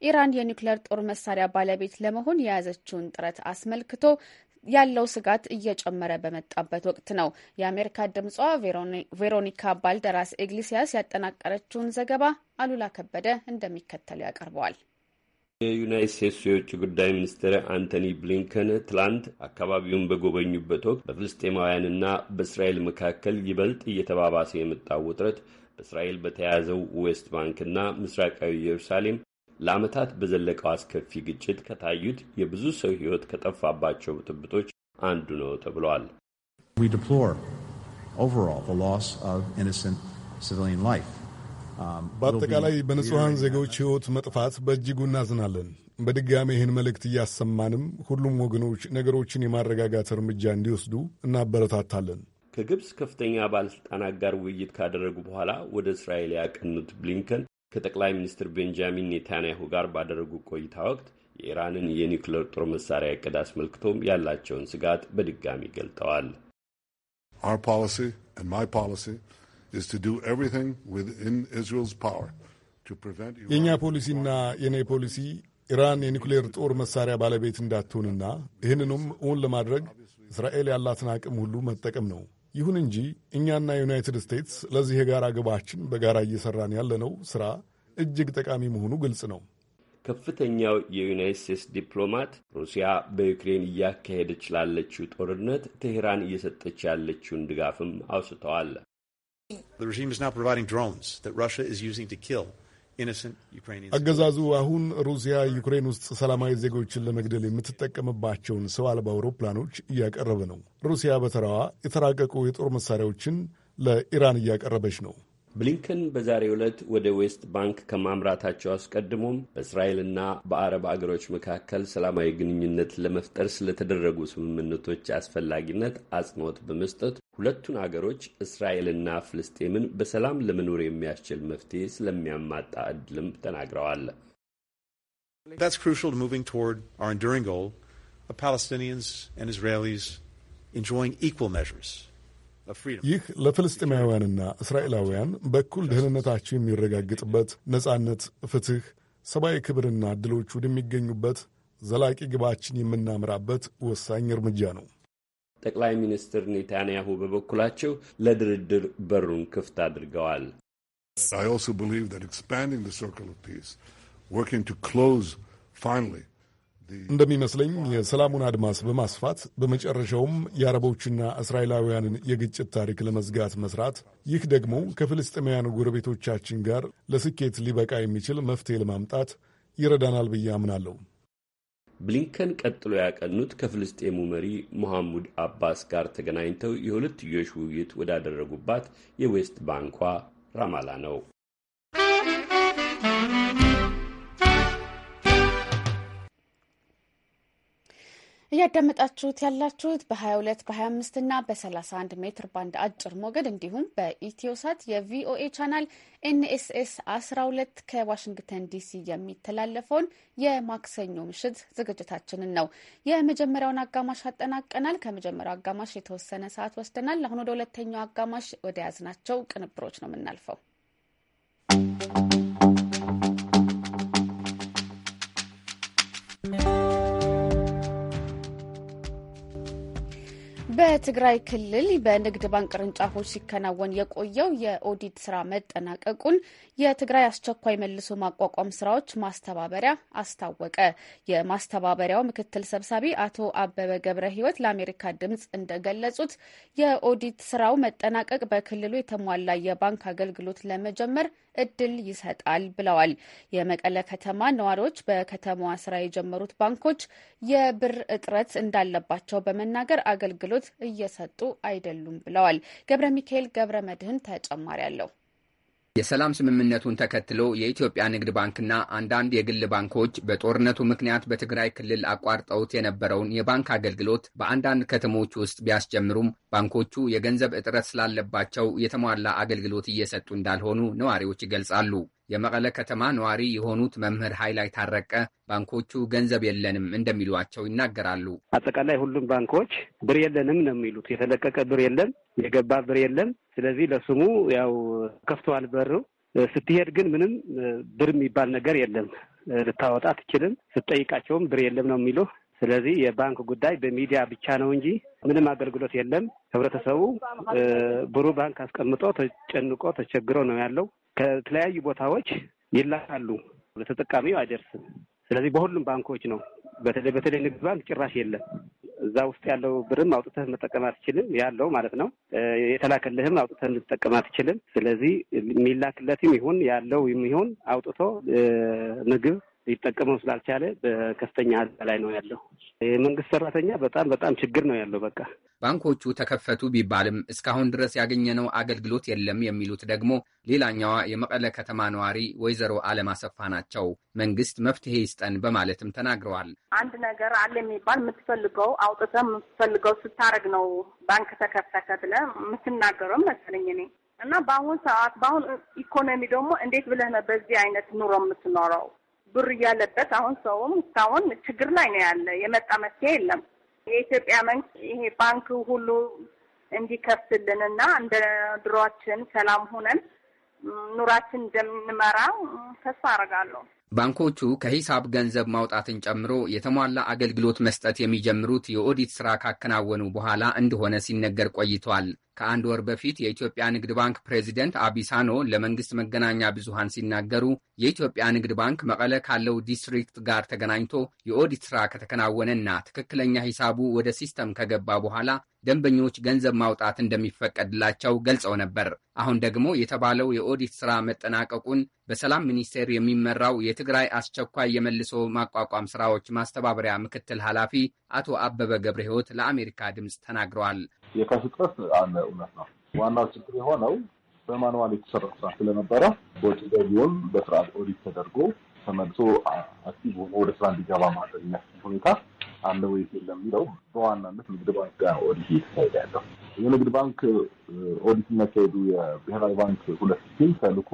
ኢራን የኒውክሌር ጦር መሳሪያ ባለቤት ለመሆን የያዘችውን ጥረት አስመልክቶ ተከትቶ ያለው ስጋት እየጨመረ በመጣበት ወቅት ነው። የአሜሪካ ድምጿ ቬሮኒካ ባልደራስ ኢግሊሲያስ ያጠናቀረችውን ዘገባ አሉላ ከበደ እንደሚከተለው ያቀርበዋል። የዩናይት ስቴትስ የውጭ ጉዳይ ሚኒስትር አንቶኒ ብሊንከን ትላንት አካባቢውን በጎበኙበት ወቅት በፍልስጤማውያንና በእስራኤል መካከል ይበልጥ እየተባባሰ የመጣው ውጥረት በእስራኤል በተያያዘው ዌስት ባንክና ምስራቃዊ ኢየሩሳሌም ለዓመታት በዘለቀው አስከፊ ግጭት ከታዩት የብዙ ሰው ሕይወት ከጠፋባቸው ብጥብጦች አንዱ ነው ተብሏል። um, በአጠቃላይ በንጹሐን ዜጎች ሕይወት መጥፋት በእጅጉ እናዝናለን። በድጋሚ ይህን መልእክት እያሰማንም ሁሉም ወገኖች ነገሮችን የማረጋጋት እርምጃ እንዲወስዱ እናበረታታለን። ከግብፅ ከፍተኛ ባለሥልጣናት ጋር ውይይት ካደረጉ በኋላ ወደ እስራኤል ያቀኑት ብሊንከን ከጠቅላይ ሚኒስትር ቤንጃሚን ኔታንያሁ ጋር ባደረጉ ቆይታ ወቅት የኢራንን የኒውክሌር ጦር መሳሪያ እቅድ አስመልክቶም ያላቸውን ስጋት በድጋሚ ገልጠዋል። የእኛ ፖሊሲና የእኔ ፖሊሲ ኢራን የኒውክሌር ጦር መሳሪያ ባለቤት እንዳትሆንና ይህንኑም እውን ለማድረግ እስራኤል ያላትን አቅም ሁሉ መጠቀም ነው። ይሁን እንጂ እኛና ዩናይትድ ስቴትስ ለዚህ የጋራ ግባችን በጋራ እየሰራን ያለነው ስራ እጅግ ጠቃሚ መሆኑ ግልጽ ነው። ከፍተኛው የዩናይት ስቴትስ ዲፕሎማት ሩሲያ በዩክሬን እያካሄደች ላለችው ጦርነት ቴሄራን እየሰጠች ያለችውን ድጋፍም አውስተዋል። The regime is now providing drones that Russia is using to kill አገዛዙ አሁን ሩሲያ ዩክሬን ውስጥ ሰላማዊ ዜጎችን ለመግደል የምትጠቀምባቸውን ሰው አልባ አውሮፕላኖች እያቀረበ ነው። ሩሲያ በተራዋ የተራቀቁ የጦር መሳሪያዎችን ለኢራን እያቀረበች ነው። ብሊንከን በዛሬ ዕለት ወደ ዌስት ባንክ ከማምራታቸው አስቀድሞም በእስራኤልና በአረብ አገሮች መካከል ሰላማዊ ግንኙነት ለመፍጠር ስለተደረጉ ስምምነቶች አስፈላጊነት አጽንኦት በመስጠት ሁለቱን አገሮች እስራኤልና ፍልስጤምን በሰላም ለመኖር የሚያስችል መፍትሄ ስለሚያማጣ እድልም ተናግረዋል። That's crucial to moving toward our enduring goal of Palestinians and Israelis enjoying equal measures ይህ ለፍልስጤማውያንና እስራኤላውያን በኩል ደህንነታቸው የሚረጋግጥበት ነጻነት፣ ፍትህ፣ ሰብአዊ ክብርና እድሎች ወደሚገኙበት ዘላቂ ግባችን የምናምራበት ወሳኝ እርምጃ ነው። ጠቅላይ ሚኒስትር ኔታንያሁ በበኩላቸው ለድርድር በሩን ክፍት አድርገዋል። I also believe that expanding the circle of peace, working to close finally እንደሚመስለኝ የሰላሙን አድማስ በማስፋት በመጨረሻውም የአረቦችና እስራኤላውያንን የግጭት ታሪክ ለመዝጋት መስራት፣ ይህ ደግሞ ከፍልስጥማውያን ጎረቤቶቻችን ጋር ለስኬት ሊበቃ የሚችል መፍትሄ ለማምጣት ይረዳናል ብዬ አምናለሁ። ብሊንከን ቀጥሎ ያቀኑት ከፍልስጤሙ መሪ ሞሐሙድ አባስ ጋር ተገናኝተው የሁለትዮሽ ውይይት ወዳደረጉባት የዌስት ባንኳ ራማላ ነው። እያዳመጣችሁት ያላችሁት በ22 በ25 እና በ31 ሜትር ባንድ አጭር ሞገድ እንዲሁም በኢትዮሳት የቪኦኤ ቻናል ኤንኤስኤስ 12 ከዋሽንግተን ዲሲ የሚተላለፈውን የማክሰኞ ምሽት ዝግጅታችንን ነው። የመጀመሪያውን አጋማሽ አጠናቀናል። ከመጀመሪያው አጋማሽ የተወሰነ ሰዓት ወስደናል። አሁን ወደ ሁለተኛው አጋማሽ ወደ ያዝናቸው ቅንብሮች ነው የምናልፈው። በትግራይ ክልል በንግድ ባንክ ቅርንጫፎች ሲከናወን የቆየው የኦዲት ስራ መጠናቀቁን የትግራይ አስቸኳይ መልሶ ማቋቋም ስራዎች ማስተባበሪያ አስታወቀ። የማስተባበሪያው ምክትል ሰብሳቢ አቶ አበበ ገብረ ሕይወት ለአሜሪካ ድምጽ እንደገለጹት የኦዲት ስራው መጠናቀቅ በክልሉ የተሟላ የባንክ አገልግሎት ለመጀመር እድል ይሰጣል ብለዋል። የመቀለ ከተማ ነዋሪዎች በከተማዋ ስራ የጀመሩት ባንኮች የብር እጥረት እንዳለባቸው በመናገር አገልግሎት እየሰጡ አይደሉም ብለዋል። ገብረ ሚካኤል ገብረ መድህን ተጨማሪ አለው። የሰላም ስምምነቱን ተከትሎ የኢትዮጵያ ንግድ ባንክና አንዳንድ የግል ባንኮች በጦርነቱ ምክንያት በትግራይ ክልል አቋርጠውት የነበረውን የባንክ አገልግሎት በአንዳንድ ከተሞች ውስጥ ቢያስጀምሩም ባንኮቹ የገንዘብ እጥረት ስላለባቸው የተሟላ አገልግሎት እየሰጡ እንዳልሆኑ ነዋሪዎች ይገልጻሉ። የመቀለ ከተማ ነዋሪ የሆኑት መምህር ኃይላይ ታረቀ ባንኮቹ ገንዘብ የለንም እንደሚሏቸው ይናገራሉ። አጠቃላይ ሁሉም ባንኮች ብር የለንም ነው የሚሉት። የተለቀቀ ብር የለም፣ የገባ ብር የለም። ስለዚህ ለስሙ ያው ከፍተዋል በሩ። ስትሄድ ግን ምንም ብር የሚባል ነገር የለም፣ ልታወጣ አትችልም። ስትጠይቃቸውም ብር የለም ነው የሚሉ ስለዚህ የባንክ ጉዳይ በሚዲያ ብቻ ነው እንጂ ምንም አገልግሎት የለም። ህብረተሰቡ ብሩ ባንክ አስቀምጦ ተጨንቆ ተቸግሮ ነው ያለው። ከተለያዩ ቦታዎች ይላካሉ። ለተጠቃሚው አይደርስም። ስለዚህ በሁሉም ባንኮች ነው። በተለይ በተለይ ንግድ ባንክ ጭራሽ የለም። እዛ ውስጥ ያለው ብርም አውጥተህ መጠቀም አትችልም፣ ያለው ማለት ነው። የተላከልህም አውጥተህ ልትጠቀም አትችልም። ስለዚህ የሚላክለትም ይሁን ያለው ይሁን አውጥቶ ምግብ ሊጠቀመው ስላልቻለ በከፍተኛ አደጋ ላይ ነው ያለው። የመንግስት ሰራተኛ በጣም በጣም ችግር ነው ያለው። በቃ ባንኮቹ ተከፈቱ ቢባልም እስካሁን ድረስ ያገኘነው አገልግሎት የለም የሚሉት ደግሞ ሌላኛዋ የመቀለ ከተማ ነዋሪ ወይዘሮ አለማሰፋ ናቸው። መንግስት መፍትሄ ይስጠን በማለትም ተናግረዋል። አንድ ነገር አለ የሚባል የምትፈልገው አውጥተ የምትፈልገው ስታረግ ነው ባንክ ተከፈተ ብለ የምትናገረው መሰለኝ እኔ እና በአሁን ሰዓት በአሁን ኢኮኖሚ ደግሞ እንዴት ብለህ ነው በዚህ አይነት ኑሮ የምትኖረው? ብር እያለበት አሁን ሰውም እስካሁን ችግር ላይ ነው ያለ። የመጣ መፍትሄ የለም። የኢትዮጵያ መንግስት ይሄ ባንክ ሁሉ እንዲከፍትልን እና እንደ ድሯችን ሰላም ሆነን ኑራችን እንደምንመራ ተስፋ አደርጋለሁ። ባንኮቹ ከሂሳብ ገንዘብ ማውጣትን ጨምሮ የተሟላ አገልግሎት መስጠት የሚጀምሩት የኦዲት ስራ ካከናወኑ በኋላ እንደሆነ ሲነገር ቆይቷል። ከአንድ ወር በፊት የኢትዮጵያ ንግድ ባንክ ፕሬዚደንት አቢሳኖ ለመንግስት መገናኛ ብዙሃን ሲናገሩ የኢትዮጵያ ንግድ ባንክ መቀለ ካለው ዲስትሪክት ጋር ተገናኝቶ የኦዲት ስራ ከተከናወነና ትክክለኛ ሂሳቡ ወደ ሲስተም ከገባ በኋላ ደንበኞች ገንዘብ ማውጣት እንደሚፈቀድላቸው ገልጸው ነበር። አሁን ደግሞ የተባለው የኦዲት ስራ መጠናቀቁን በሰላም ሚኒስቴር የሚመራው የትግራይ አስቸኳይ የመልሶ ማቋቋም ስራዎች ማስተባበሪያ ምክትል ኃላፊ አቶ አበበ ገብረ ህይወት ለአሜሪካ ድምፅ ተናግረዋል። የካሽ እጥረት አለ፣ እውነት ነው። ዋናው ችግር የሆነው በማንዋል የተሰራ ስራ ስለነበረ ወጪ ገቢውን በስርዓት ኦዲት ተደርጎ ተመልሶ አክቲቭ ሆኖ ወደ ስራ እንዲገባ ማድረግ የሚያስችል ሁኔታ አለ ወይ ለሚለው በዋናነት ንግድ ባንክ ጋር ኦዲት እየተካሄደ ያለው የንግድ ባንክ ኦዲት የሚያካሄዱ የብሔራዊ ባንክ ሁለት ቲም ተልኮ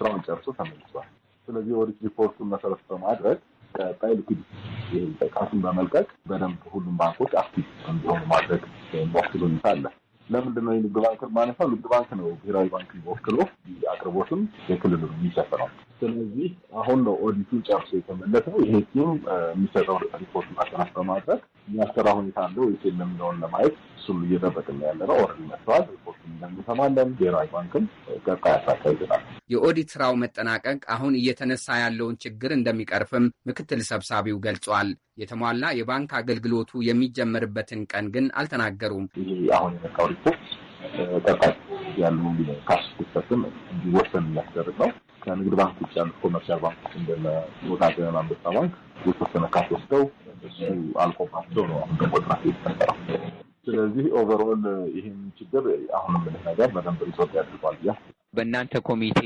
ስራውን ጨርሶ ተመልሷል። ስለዚህ ኦዲት ሪፖርቱን መሰረት በማድረግ ቀጣይ ልኩድ ጥቃቱን በመልቀቅ በደንብ ሁሉም ባንኮች አክቲቭ እንዲሆኑ ማድረግ የሚያስችል ሁኔታ አለ። ለምንድን ነው የንግድ ባንክን ማነሳ? ንግድ ባንክ ነው ብሔራዊ ባንክ ወክሎ አቅርቦትም የክልሉ የሚሸፍነው ስለዚህ አሁን ነው ኦዲቱ ጨርሶ የተመለሰው። ይሄ ቲም የሚሰጠውን ሪፖርት ማሰራት በማድረግ የአሰራ ሁኔታ አለው ወይስ የለም የሚለውን ለማየት እሱም እየጠበቅን ነው ያለ ነው። ኦልሬዲ መጥተዋል። ሪፖርት እንደምንሰማለን። ብሔራዊ ባንክም ቀጣይ ያሳካይዘናል። የኦዲት ስራው መጠናቀቅ አሁን እየተነሳ ያለውን ችግር እንደሚቀርፍም ምክትል ሰብሳቢው ገልጿል። የተሟላ የባንክ አገልግሎቱ የሚጀመርበትን ቀን ግን አልተናገሩም። ይሄ አሁን የመጣው ሪፖርት ቀጣይ ያሉ ካስ ሲስተም እንዲወሰን የሚያስደርግ ነው። ከንግድ ባንክ ውጭ ያሉት ኮመርሻል ባንኮች እንደነ ወጋገን፣ አንበሳ ባንክ የተወሰነ ካሽ ወስደው እሱ አልቆባቸው ነው አሁን ደግሞ ጥራት የተፈጠረው። ስለዚህ ኦቨርኦል ይህን ችግር አሁን የምልህ ነገር በደንብ ሪዞርት ያድርጓል ብያ በእናንተ ኮሚቴ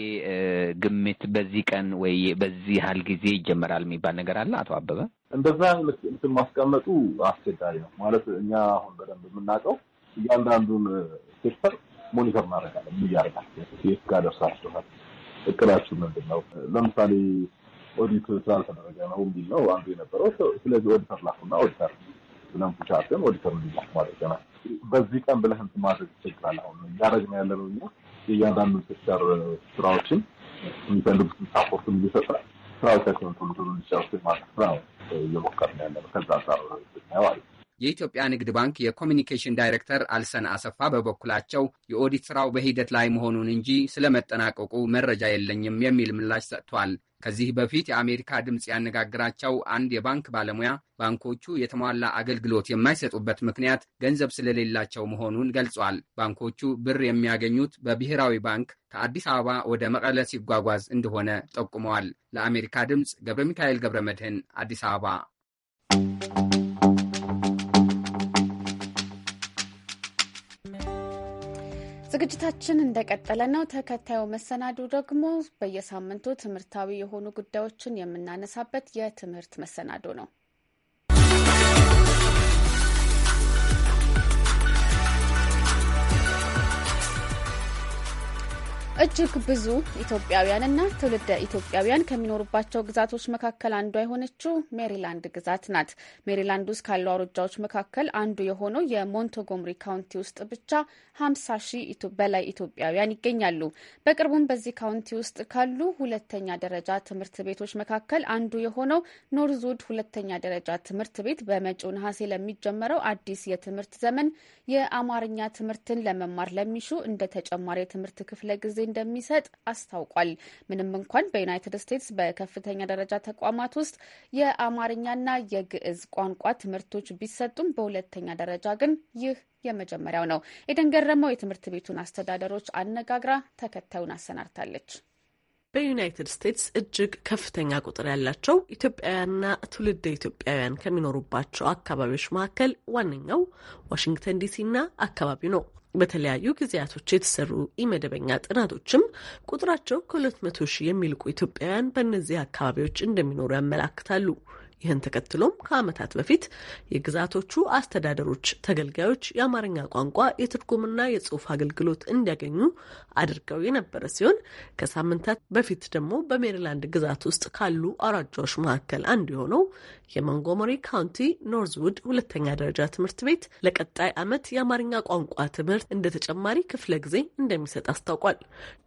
ግምት በዚህ ቀን ወይ በዚህ ያህል ጊዜ ይጀመራል የሚባል ነገር አለ? አቶ አበበ እንደዛ ምትል ማስቀመጡ አስቸጋሪ ነው። ማለት እኛ አሁን በደንብ የምናውቀው እያንዳንዱን ሴክተር ሞኒተር እናደርጋለን። ምን ያደርጋል፣ የት ጋር ደርሳችኋል፣ እቅዳችሁ ምንድን ነው? ለምሳሌ ኦዲት ስላልተደረገ ነው የሚል ነው አንዱ የነበረው። ስለዚህ ኦዲተር ላኩና ኦዲተር ብለን ፑሽ አድርገን ኦዲተር እንዲላክ ማድረግ ነው። በዚህ ቀን ብለህ እንትን ማድረግ ይቸግራል። አሁን እያደረግን ያለ ነው። እኛ የእያንዳንዱ ሴክተር ስራዎችን የሚፈልጉትን ሳፖርት እየሰጠ ስራዎቻቸውን ቶሎ ቶሎ እንዲጨርሱ ማለት ስራ ነው እየሞከርን ያለ ነው። ከዛ ጋር ነው ማለት ነው። የኢትዮጵያ ንግድ ባንክ የኮሚኒኬሽን ዳይሬክተር አልሰን አሰፋ በበኩላቸው የኦዲት ስራው በሂደት ላይ መሆኑን እንጂ ስለመጠናቀቁ መረጃ የለኝም የሚል ምላሽ ሰጥቷል። ከዚህ በፊት የአሜሪካ ድምፅ ያነጋግራቸው አንድ የባንክ ባለሙያ ባንኮቹ የተሟላ አገልግሎት የማይሰጡበት ምክንያት ገንዘብ ስለሌላቸው መሆኑን ገልጿል። ባንኮቹ ብር የሚያገኙት በብሔራዊ ባንክ ከአዲስ አበባ ወደ መቀለ ሲጓጓዝ እንደሆነ ጠቁመዋል። ለአሜሪካ ድምፅ ገብረ ሚካኤል ገብረ መድህን አዲስ አበባ ዝግጅታችን እንደቀጠለ ነው። ተከታዩ መሰናዶ ደግሞ በየሳምንቱ ትምህርታዊ የሆኑ ጉዳዮችን የምናነሳበት የትምህርት መሰናዶ ነው። እጅግ ብዙ ኢትዮጵያውያንና ትውልደ ኢትዮጵያውያን ከሚኖሩባቸው ግዛቶች መካከል አንዷ የሆነችው ሜሪላንድ ግዛት ናት። ሜሪላንድ ውስጥ ካሉ አውራጃዎች መካከል አንዱ የሆነው የሞንቶጎምሪ ካውንቲ ውስጥ ብቻ ሀምሳ ሺህ በላይ ኢትዮጵያውያን ይገኛሉ። በቅርቡም በዚህ ካውንቲ ውስጥ ካሉ ሁለተኛ ደረጃ ትምህርት ቤቶች መካከል አንዱ የሆነው ኖርዝውድ ሁለተኛ ደረጃ ትምህርት ቤት በመጪው ነሐሴ ለሚጀመረው አዲስ የትምህርት ዘመን የአማርኛ ትምህርትን ለመማር ለሚሹ እንደ ተጨማሪ የትምህርት ክፍለ ጊዜ እንደሚሰጥ አስታውቋል። ምንም እንኳን በዩናይትድ ስቴትስ በከፍተኛ ደረጃ ተቋማት ውስጥ የአማርኛና የግዕዝ ቋንቋ ትምህርቶች ቢሰጡም በሁለተኛ ደረጃ ግን ይህ የመጀመሪያው ነው። ኤደን ገረመው የትምህርት ቤቱን አስተዳደሮች አነጋግራ ተከታዩን አሰናድታለች። በዩናይትድ ስቴትስ እጅግ ከፍተኛ ቁጥር ያላቸው ኢትዮጵያውያንና ትውልደ ኢትዮጵያውያን ከሚኖሩባቸው አካባቢዎች መካከል ዋነኛው ዋሽንግተን ዲሲና አካባቢው ነው። በተለያዩ ጊዜያቶች የተሰሩ ኢመደበኛ ጥናቶችም ቁጥራቸው ከሁለት መቶ ሺህ የሚልቁ ኢትዮጵያውያን በእነዚህ አካባቢዎች እንደሚኖሩ ያመላክታሉ። ይህን ተከትሎም ከዓመታት በፊት የግዛቶቹ አስተዳደሮች ተገልጋዮች የአማርኛ ቋንቋ የትርጉምና የጽሁፍ አገልግሎት እንዲያገኙ አድርገው የነበረ ሲሆን ከሳምንታት በፊት ደግሞ በሜሪላንድ ግዛት ውስጥ ካሉ አውራጃዎች መካከል አንዱ የሆነው የሞንጎመሪ ካውንቲ ኖርዝውድ ሁለተኛ ደረጃ ትምህርት ቤት ለቀጣይ ዓመት የአማርኛ ቋንቋ ትምህርት እንደ ተጨማሪ ክፍለ ጊዜ እንደሚሰጥ አስታውቋል።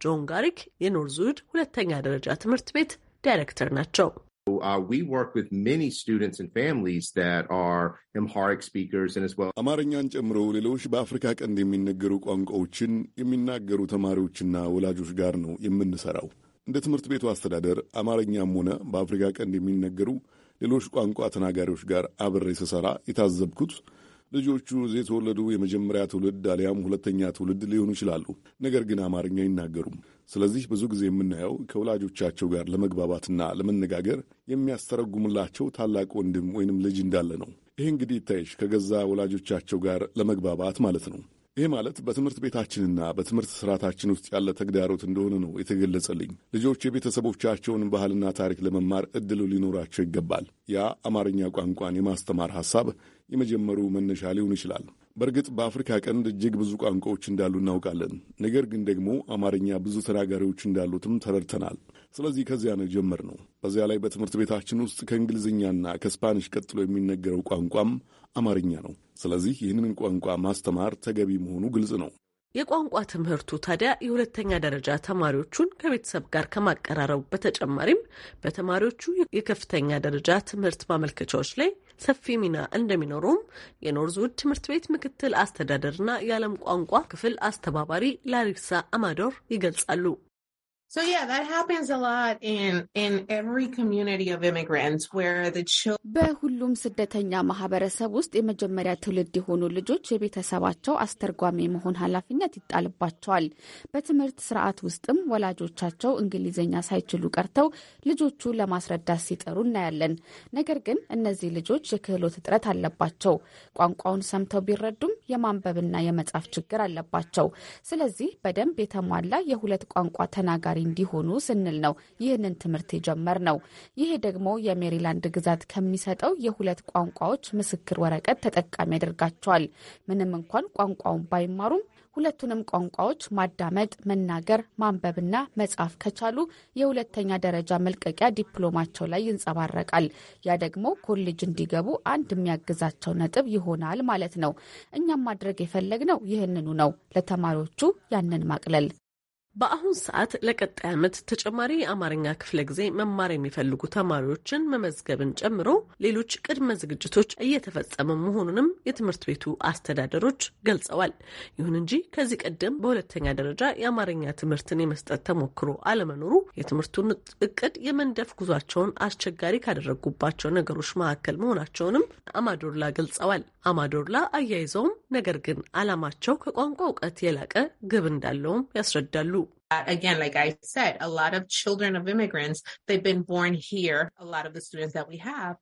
ጆን ጋሪክ የኖርዝውድ ሁለተኛ ደረጃ ትምህርት ቤት ዳይሬክተር ናቸው። አማርኛን ጨምሮ ሌሎች በአፍሪካ ቀንድ የሚነገሩ ቋንቋዎችን የሚናገሩ ተማሪዎችና ወላጆች ጋር ነው የምንሰራው። እንደ ትምህርት ቤቱ አስተዳደር አማርኛም ሆነ በአፍሪካ ቀንድ የሚነገሩ ሌሎች ቋንቋ ተናጋሪዎች ጋር አብሬ ስሰራ የታዘብኩት ልጆቹ እዚህ የተወለዱ የመጀመሪያ ትውልድ አሊያም ሁለተኛ ትውልድ ሊሆኑ ይችላሉ፣ ነገር ግን አማርኛ አይናገሩም። ስለዚህ ብዙ ጊዜ የምናየው ከወላጆቻቸው ጋር ለመግባባትና ለመነጋገር የሚያስተረጉምላቸው ታላቅ ወንድም ወይንም ልጅ እንዳለ ነው። ይህ እንግዲህ ይታይሽ ከገዛ ወላጆቻቸው ጋር ለመግባባት ማለት ነው። ይህ ማለት በትምህርት ቤታችንና በትምህርት ስርዓታችን ውስጥ ያለ ተግዳሮት እንደሆነ ነው የተገለጸልኝ። ልጆች የቤተሰቦቻቸውን ባህልና ታሪክ ለመማር እድሉ ሊኖራቸው ይገባል። ያ አማርኛ ቋንቋን የማስተማር ሐሳብ የመጀመሩ መነሻ ሊሆን ይችላል። በእርግጥ በአፍሪካ ቀንድ እጅግ ብዙ ቋንቋዎች እንዳሉ እናውቃለን። ነገር ግን ደግሞ አማርኛ ብዙ ተናጋሪዎች እንዳሉትም ተረድተናል። ስለዚህ ከዚያ ነው የጀመርነው። በዚያ ላይ በትምህርት ቤታችን ውስጥ ከእንግሊዝኛና ከስፓኒሽ ቀጥሎ የሚነገረው ቋንቋም አማርኛ ነው። ስለዚህ ይህንን ቋንቋ ማስተማር ተገቢ መሆኑ ግልጽ ነው። የቋንቋ ትምህርቱ ታዲያ የሁለተኛ ደረጃ ተማሪዎቹን ከቤተሰብ ጋር ከማቀራረቡ በተጨማሪም በተማሪዎቹ የከፍተኛ ደረጃ ትምህርት ማመልከቻዎች ላይ ሰፊ ሚና እንደሚኖሩም የኖርዝውድ ትምህርት ቤት ምክትል አስተዳደርና የዓለም ቋንቋ ክፍል አስተባባሪ ላሪሳ አማዶር ይገልጻሉ። So yeah, that happens a lot in in every community of immigrants where the children በሁሉም ስደተኛ ማህበረሰብ ውስጥ የመጀመሪያ ትውልድ የሆኑ ልጆች የቤተሰባቸው አስተርጓሚ መሆን ኃላፊነት ይጣልባቸዋል። በትምህርት ስርዓት ውስጥም ወላጆቻቸው እንግሊዝኛ ሳይችሉ ቀርተው ልጆቹ ለማስረዳት ሲጠሩ እናያለን። ነገር ግን እነዚህ ልጆች የክህሎት እጥረት አለባቸው። ቋንቋውን ሰምተው ቢረዱም የማንበብና የመጻፍ ችግር አለባቸው። ስለዚህ በደንብ የተሟላ የሁለት ቋንቋ ተናጋሪ ተወዳዳሪ እንዲሆኑ ስንል ነው ይህንን ትምህርት የጀመር ነው። ይሄ ደግሞ የሜሪላንድ ግዛት ከሚሰጠው የሁለት ቋንቋዎች ምስክር ወረቀት ተጠቃሚ ያደርጋቸዋል። ምንም እንኳን ቋንቋውን ባይማሩም ሁለቱንም ቋንቋዎች ማዳመጥ፣ መናገር፣ ማንበብና መጻፍ ከቻሉ የሁለተኛ ደረጃ መልቀቂያ ዲፕሎማቸው ላይ ይንጸባረቃል። ያ ደግሞ ኮሌጅ እንዲገቡ አንድ የሚያግዛቸው ነጥብ ይሆናል ማለት ነው። እኛም ማድረግ የፈለግነው ይህንኑ ነው፣ ለተማሪዎቹ ያንን ማቅለል በአሁን ሰዓት ለቀጣይ ዓመት ተጨማሪ የአማርኛ ክፍለ ጊዜ መማር የሚፈልጉ ተማሪዎችን መመዝገብን ጨምሮ ሌሎች ቅድመ ዝግጅቶች እየተፈጸመ መሆኑንም የትምህርት ቤቱ አስተዳደሮች ገልጸዋል። ይሁን እንጂ ከዚህ ቀደም በሁለተኛ ደረጃ የአማርኛ ትምህርትን የመስጠት ተሞክሮ አለመኖሩ የትምህርቱን እቅድ የመንደፍ ጉዟቸውን አስቸጋሪ ካደረጉባቸው ነገሮች መካከል መሆናቸውንም አማዶርላ ገልጸዋል። አማዶርላ አያይዘውም ነገር ግን ዓላማቸው ከቋንቋ እውቀት የላቀ ግብ እንዳለውም ያስረዳሉ። again, like I said, a lot of children of immigrants, they've been born here. A lot of the students that we have,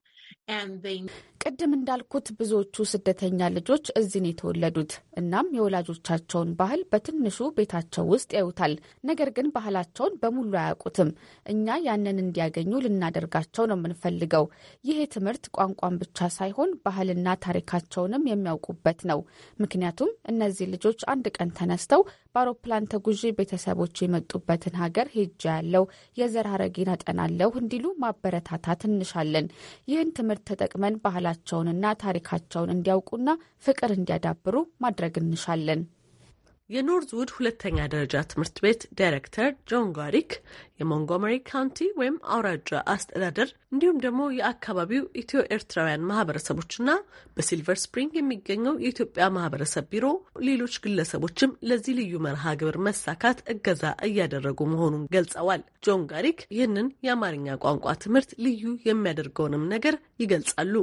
ቅድም እንዳልኩት ብዙዎቹ ስደተኛ ልጆች እዚህ ነው የተወለዱት። እናም የወላጆቻቸውን ባህል በትንሹ ቤታቸው ውስጥ ያዩታል። ነገር ግን ባህላቸውን በሙሉ አያውቁትም። እኛ ያንን እንዲያገኙ ልናደርጋቸው ነው የምንፈልገው። ይህ ትምህርት ቋንቋን ብቻ ሳይሆን ባህልና ታሪካቸውንም የሚያውቁበት ነው። ምክንያቱም እነዚህ ልጆች አንድ ቀን ተነስተው በአውሮፕላን ተጉዤ ቤተሰቦች የመጡበትን ሀገር ሄጃ ያለው የዘር አጠናለሁ እንዲሉ ማበረታታት እንሻለን። ይህን ትምህርት ተጠቅመን ባህላቸውንና ታሪካቸውን እንዲያውቁና ፍቅር እንዲያዳብሩ ማድረግ እንሻለን። የኖርዝውድ ሁለተኛ ደረጃ ትምህርት ቤት ዳይሬክተር ጆን ጓሪክ የሞንጎመሪ ካውንቲ ወይም አውራጃ አስተዳደር እንዲሁም ደግሞ የአካባቢው ኢትዮ ኤርትራውያን ማህበረሰቦችና በሲልቨር ስፕሪንግ የሚገኘው የኢትዮጵያ ማህበረሰብ ቢሮ ሌሎች ግለሰቦችም ለዚህ ልዩ መርሃ ግብር መሳካት እገዛ እያደረጉ መሆኑን ገልጸዋል። ጆን ጋሪክ ይህንን የአማርኛ ቋንቋ ትምህርት ልዩ የሚያደርገውንም ነገር ይገልጻሉ።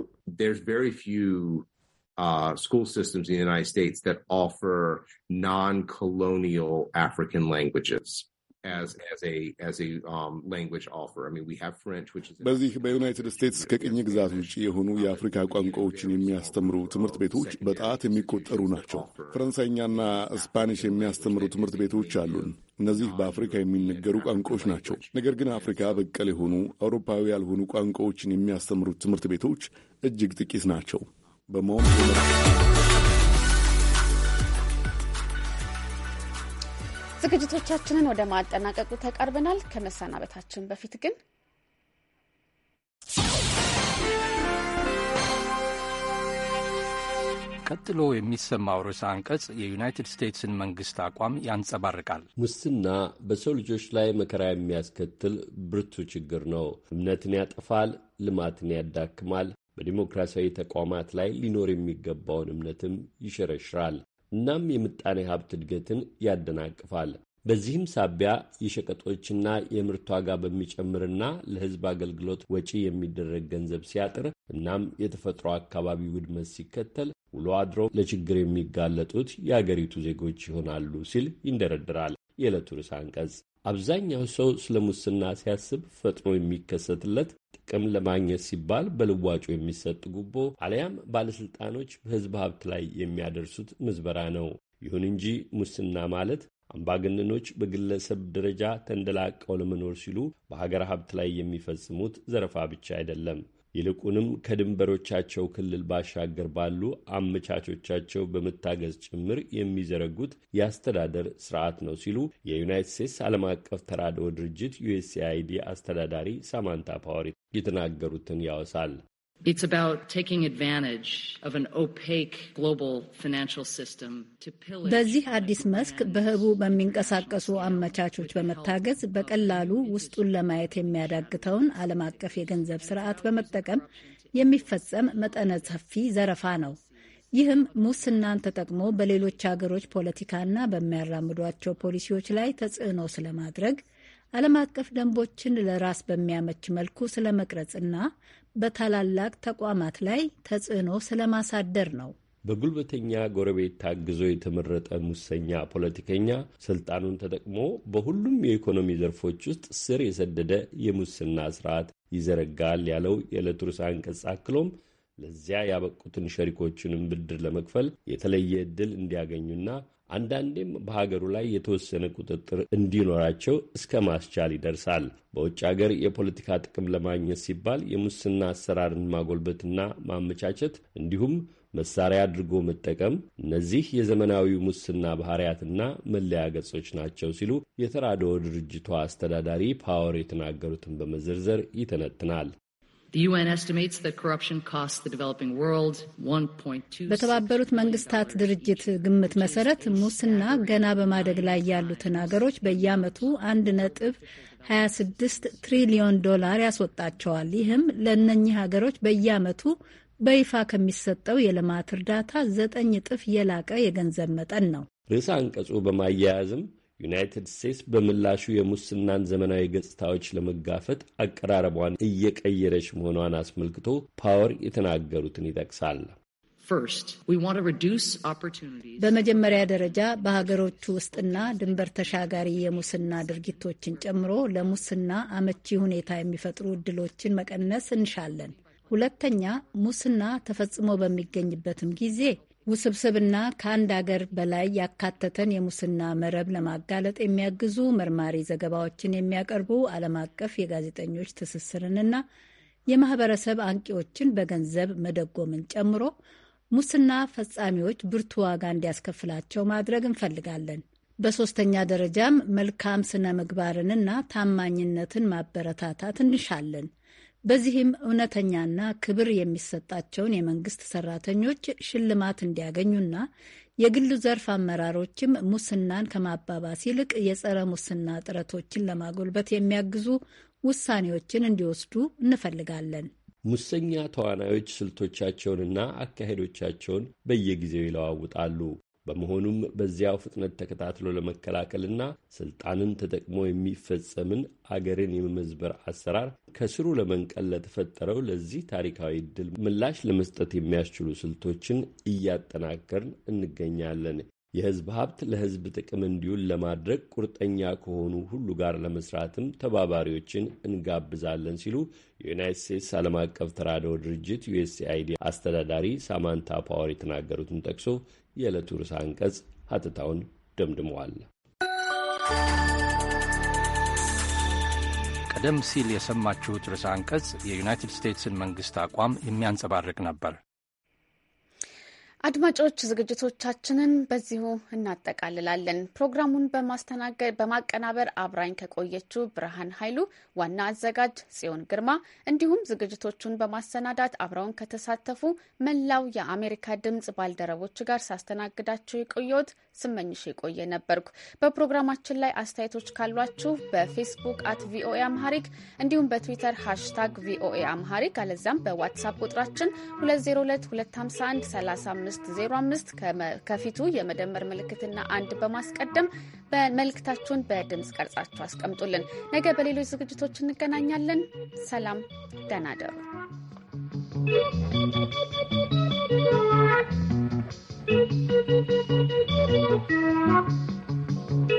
uh, school systems in the United States that offer non-colonial African languages as as a as a um, language offer. I mean, we have French, which is በዚህ በዩናይትድ ስቴትስ ከቅኝ ግዛት ውጭ የሆኑ የአፍሪካ ቋንቋዎችን የሚያስተምሩ ትምህርት ቤቶች በጣት የሚቆጠሩ ናቸው። ፈረንሳይኛና ስፓኒሽ የሚያስተምሩ ትምህርት ቤቶች አሉን። እነዚህ በአፍሪካ የሚነገሩ ቋንቋዎች ናቸው። ነገር ግን አፍሪካ በቀል የሆኑ አውሮፓዊ ያልሆኑ ቋንቋዎችን የሚያስተምሩት ትምህርት ቤቶች እጅግ ጥቂት ናቸው። በመሆን ዝግጅቶቻችንን ወደ ማጠናቀቁ ተቃርበናል። ከመሰናበታችን በፊት ግን ቀጥሎ የሚሰማው ርዕሰ አንቀጽ የዩናይትድ ስቴትስን መንግስት አቋም ያንጸባርቃል። ሙስና በሰው ልጆች ላይ መከራ የሚያስከትል ብርቱ ችግር ነው። እምነትን ያጠፋል፣ ልማትን ያዳክማል፣ በዲሞክራሲያዊ ተቋማት ላይ ሊኖር የሚገባውን እምነትም ይሸረሽራል። እናም የምጣኔ ሀብት እድገትን ያደናቅፋል። በዚህም ሳቢያ የሸቀጦችና የምርት ዋጋ በሚጨምርና ለሕዝብ አገልግሎት ወጪ የሚደረግ ገንዘብ ሲያጥር እናም የተፈጥሮ አካባቢ ውድመት ሲከተል ውሎ አድሮ ለችግር የሚጋለጡት የአገሪቱ ዜጎች ይሆናሉ ሲል ይንደረድራል የዕለቱ ርዕሰ አንቀጽ። አብዛኛው ሰው ስለ ሙስና ሲያስብ ፈጥኖ የሚከሰትለት ጥቅም ለማግኘት ሲባል በልዋጩ የሚሰጥ ጉቦ አሊያም ባለሥልጣኖች በሕዝብ ሀብት ላይ የሚያደርሱት ምዝበራ ነው። ይሁን እንጂ ሙስና ማለት አምባገነኖች በግለሰብ ደረጃ ተንደላቀው ለመኖር ሲሉ በሀገር ሀብት ላይ የሚፈጽሙት ዘረፋ ብቻ አይደለም። ይልቁንም ከድንበሮቻቸው ክልል ባሻገር ባሉ አመቻቾቻቸው በመታገዝ ጭምር የሚዘረጉት የአስተዳደር ስርዓት ነው ሲሉ የዩናይት ስቴትስ ዓለም አቀፍ ተራድኦ ድርጅት ዩኤስኤአይዲ አስተዳዳሪ ሳማንታ ፓወር የተናገሩትን ያወሳል። በዚህ አዲስ መስክ በህቡ በሚንቀሳቀሱ አመቻቾች በመታገዝ በቀላሉ ውስጡን ለማየት የሚያዳግተውን ዓለም አቀፍ የገንዘብ ስርዓት በመጠቀም የሚፈጸም መጠነ ሰፊ ዘረፋ ነው። ይህም ሙስናን ተጠቅሞ በሌሎች ሀገሮች ፖለቲካና በሚያራምዷቸው ፖሊሲዎች ላይ ተጽዕኖ ስለማድረግ ዓለም አቀፍ ደንቦችን ለራስ በሚያመች መልኩ ስለመቅረጽ በታላላቅ ተቋማት ላይ ተጽዕኖ ስለማሳደር ነው። በጉልበተኛ ጎረቤት ታግዞ የተመረጠ ሙሰኛ ፖለቲከኛ ስልጣኑን ተጠቅሞ በሁሉም የኢኮኖሚ ዘርፎች ውስጥ ስር የሰደደ የሙስና ስርዓት ይዘረጋል ያለው የዕለቱ ርዕሰ አንቀጽ አክሎም ለዚያ ያበቁትን ሸሪኮችንም ብድር ለመክፈል የተለየ ዕድል እንዲያገኙና አንዳንዴም በሀገሩ ላይ የተወሰነ ቁጥጥር እንዲኖራቸው እስከ ማስቻል ይደርሳል። በውጭ ሀገር የፖለቲካ ጥቅም ለማግኘት ሲባል የሙስና አሰራርን ማጎልበትና ማመቻቸት እንዲሁም መሳሪያ አድርጎ መጠቀም እነዚህ የዘመናዊ ሙስና ባህሪያትና መለያ ገጾች ናቸው ሲሉ የተራድኦ ድርጅቷ አስተዳዳሪ ፓወር የተናገሩትን በመዘርዘር ይተነትናል። በተባበሩት መንግስታት ድርጅት ግምት መሰረት ሙስና ገና በማደግ ላይ ያሉትን ሀገሮች በየዓመቱ አንድ ነጥብ 26 ትሪሊዮን ዶላር ያስወጣቸዋል። ይህም ለእነኚህ ሀገሮች በየአመቱ በይፋ ከሚሰጠው የልማት እርዳታ ዘጠኝ እጥፍ የላቀ የገንዘብ መጠን ነው። ርዕሰ አንቀጹ በማያያዝም ዩናይትድ ስቴትስ በምላሹ የሙስናን ዘመናዊ ገጽታዎች ለመጋፈጥ አቀራረቧን እየቀየረች መሆኗን አስመልክቶ ፓወር የተናገሩትን ይጠቅሳል። በመጀመሪያ ደረጃ በሀገሮች ውስጥና ድንበር ተሻጋሪ የሙስና ድርጊቶችን ጨምሮ ለሙስና አመቺ ሁኔታ የሚፈጥሩ እድሎችን መቀነስ እንሻለን። ሁለተኛ፣ ሙስና ተፈጽሞ በሚገኝበትም ጊዜ ውስብስብና ከአንድ አገር በላይ ያካተተን የሙስና መረብ ለማጋለጥ የሚያግዙ መርማሪ ዘገባዎችን የሚያቀርቡ ዓለም አቀፍ የጋዜጠኞች ትስስርንና የማህበረሰብ አንቂዎችን በገንዘብ መደጎምን ጨምሮ ሙስና ፈጻሚዎች ብርቱ ዋጋ እንዲያስከፍላቸው ማድረግ እንፈልጋለን። በሶስተኛ ደረጃም መልካም ስነ ምግባርንና ታማኝነትን ማበረታታት እንሻለን። በዚህም እውነተኛና ክብር የሚሰጣቸውን የመንግስት ሰራተኞች ሽልማት እንዲያገኙና የግሉ ዘርፍ አመራሮችም ሙስናን ከማባባስ ይልቅ የጸረ ሙስና ጥረቶችን ለማጎልበት የሚያግዙ ውሳኔዎችን እንዲወስዱ እንፈልጋለን። ሙሰኛ ተዋናዮች ስልቶቻቸውንና አካሄዶቻቸውን በየጊዜው ይለዋውጣሉ። በመሆኑም በዚያው ፍጥነት ተከታትሎ ለመከላከልና ስልጣንን ተጠቅሞ የሚፈጸምን አገርን የመመዝበር አሰራር ከስሩ ለመንቀል ለተፈጠረው ለዚህ ታሪካዊ ድል ምላሽ ለመስጠት የሚያስችሉ ስልቶችን እያጠናከርን እንገኛለን። የህዝብ ሀብት ለህዝብ ጥቅም እንዲውል ለማድረግ ቁርጠኛ ከሆኑ ሁሉ ጋር ለመስራትም ተባባሪዎችን እንጋብዛለን ሲሉ የዩናይት ስቴትስ ዓለም አቀፍ ተራድኦ ድርጅት ዩኤስኤአይዲ አስተዳዳሪ ሳማንታ ፓወር የተናገሩትን ጠቅሶ የዕለቱ ርዕሰ አንቀጽ ሀተታውን ደምድመዋል። ቀደም ሲል የሰማችሁት ርዕሰ አንቀጽ የዩናይትድ ስቴትስን መንግሥት አቋም የሚያንጸባርቅ ነበር። አድማጮች ዝግጅቶቻችንን በዚሁ እናጠቃልላለን። ፕሮግራሙን በማስተናገድ በማቀናበር አብራኝ ከቆየችው ብርሃን ኃይሉ፣ ዋና አዘጋጅ ጽዮን ግርማ እንዲሁም ዝግጅቶቹን በማሰናዳት አብረውን ከተሳተፉ መላው የአሜሪካ ድምጽ ባልደረቦች ጋር ሳስተናግዳችሁ የቆየሁት ስመኝሽ የቆየ ነበርኩ። በፕሮግራማችን ላይ አስተያየቶች ካሏችሁ በፌስቡክ አት ቪኦኤ አምሃሪክ እንዲሁም በትዊተር ሃሽታግ ቪኦኤ አምሃሪክ አለዚያም በዋትሳፕ ቁጥራችን 202251 0505 ከፊቱ የመደመር ምልክትና አንድ በማስቀደም በመልእክታችሁን በድምፅ ቀርጻችሁ አስቀምጡልን። ነገ በሌሎች ዝግጅቶች እንገናኛለን። ሰላም፣ ደህና you.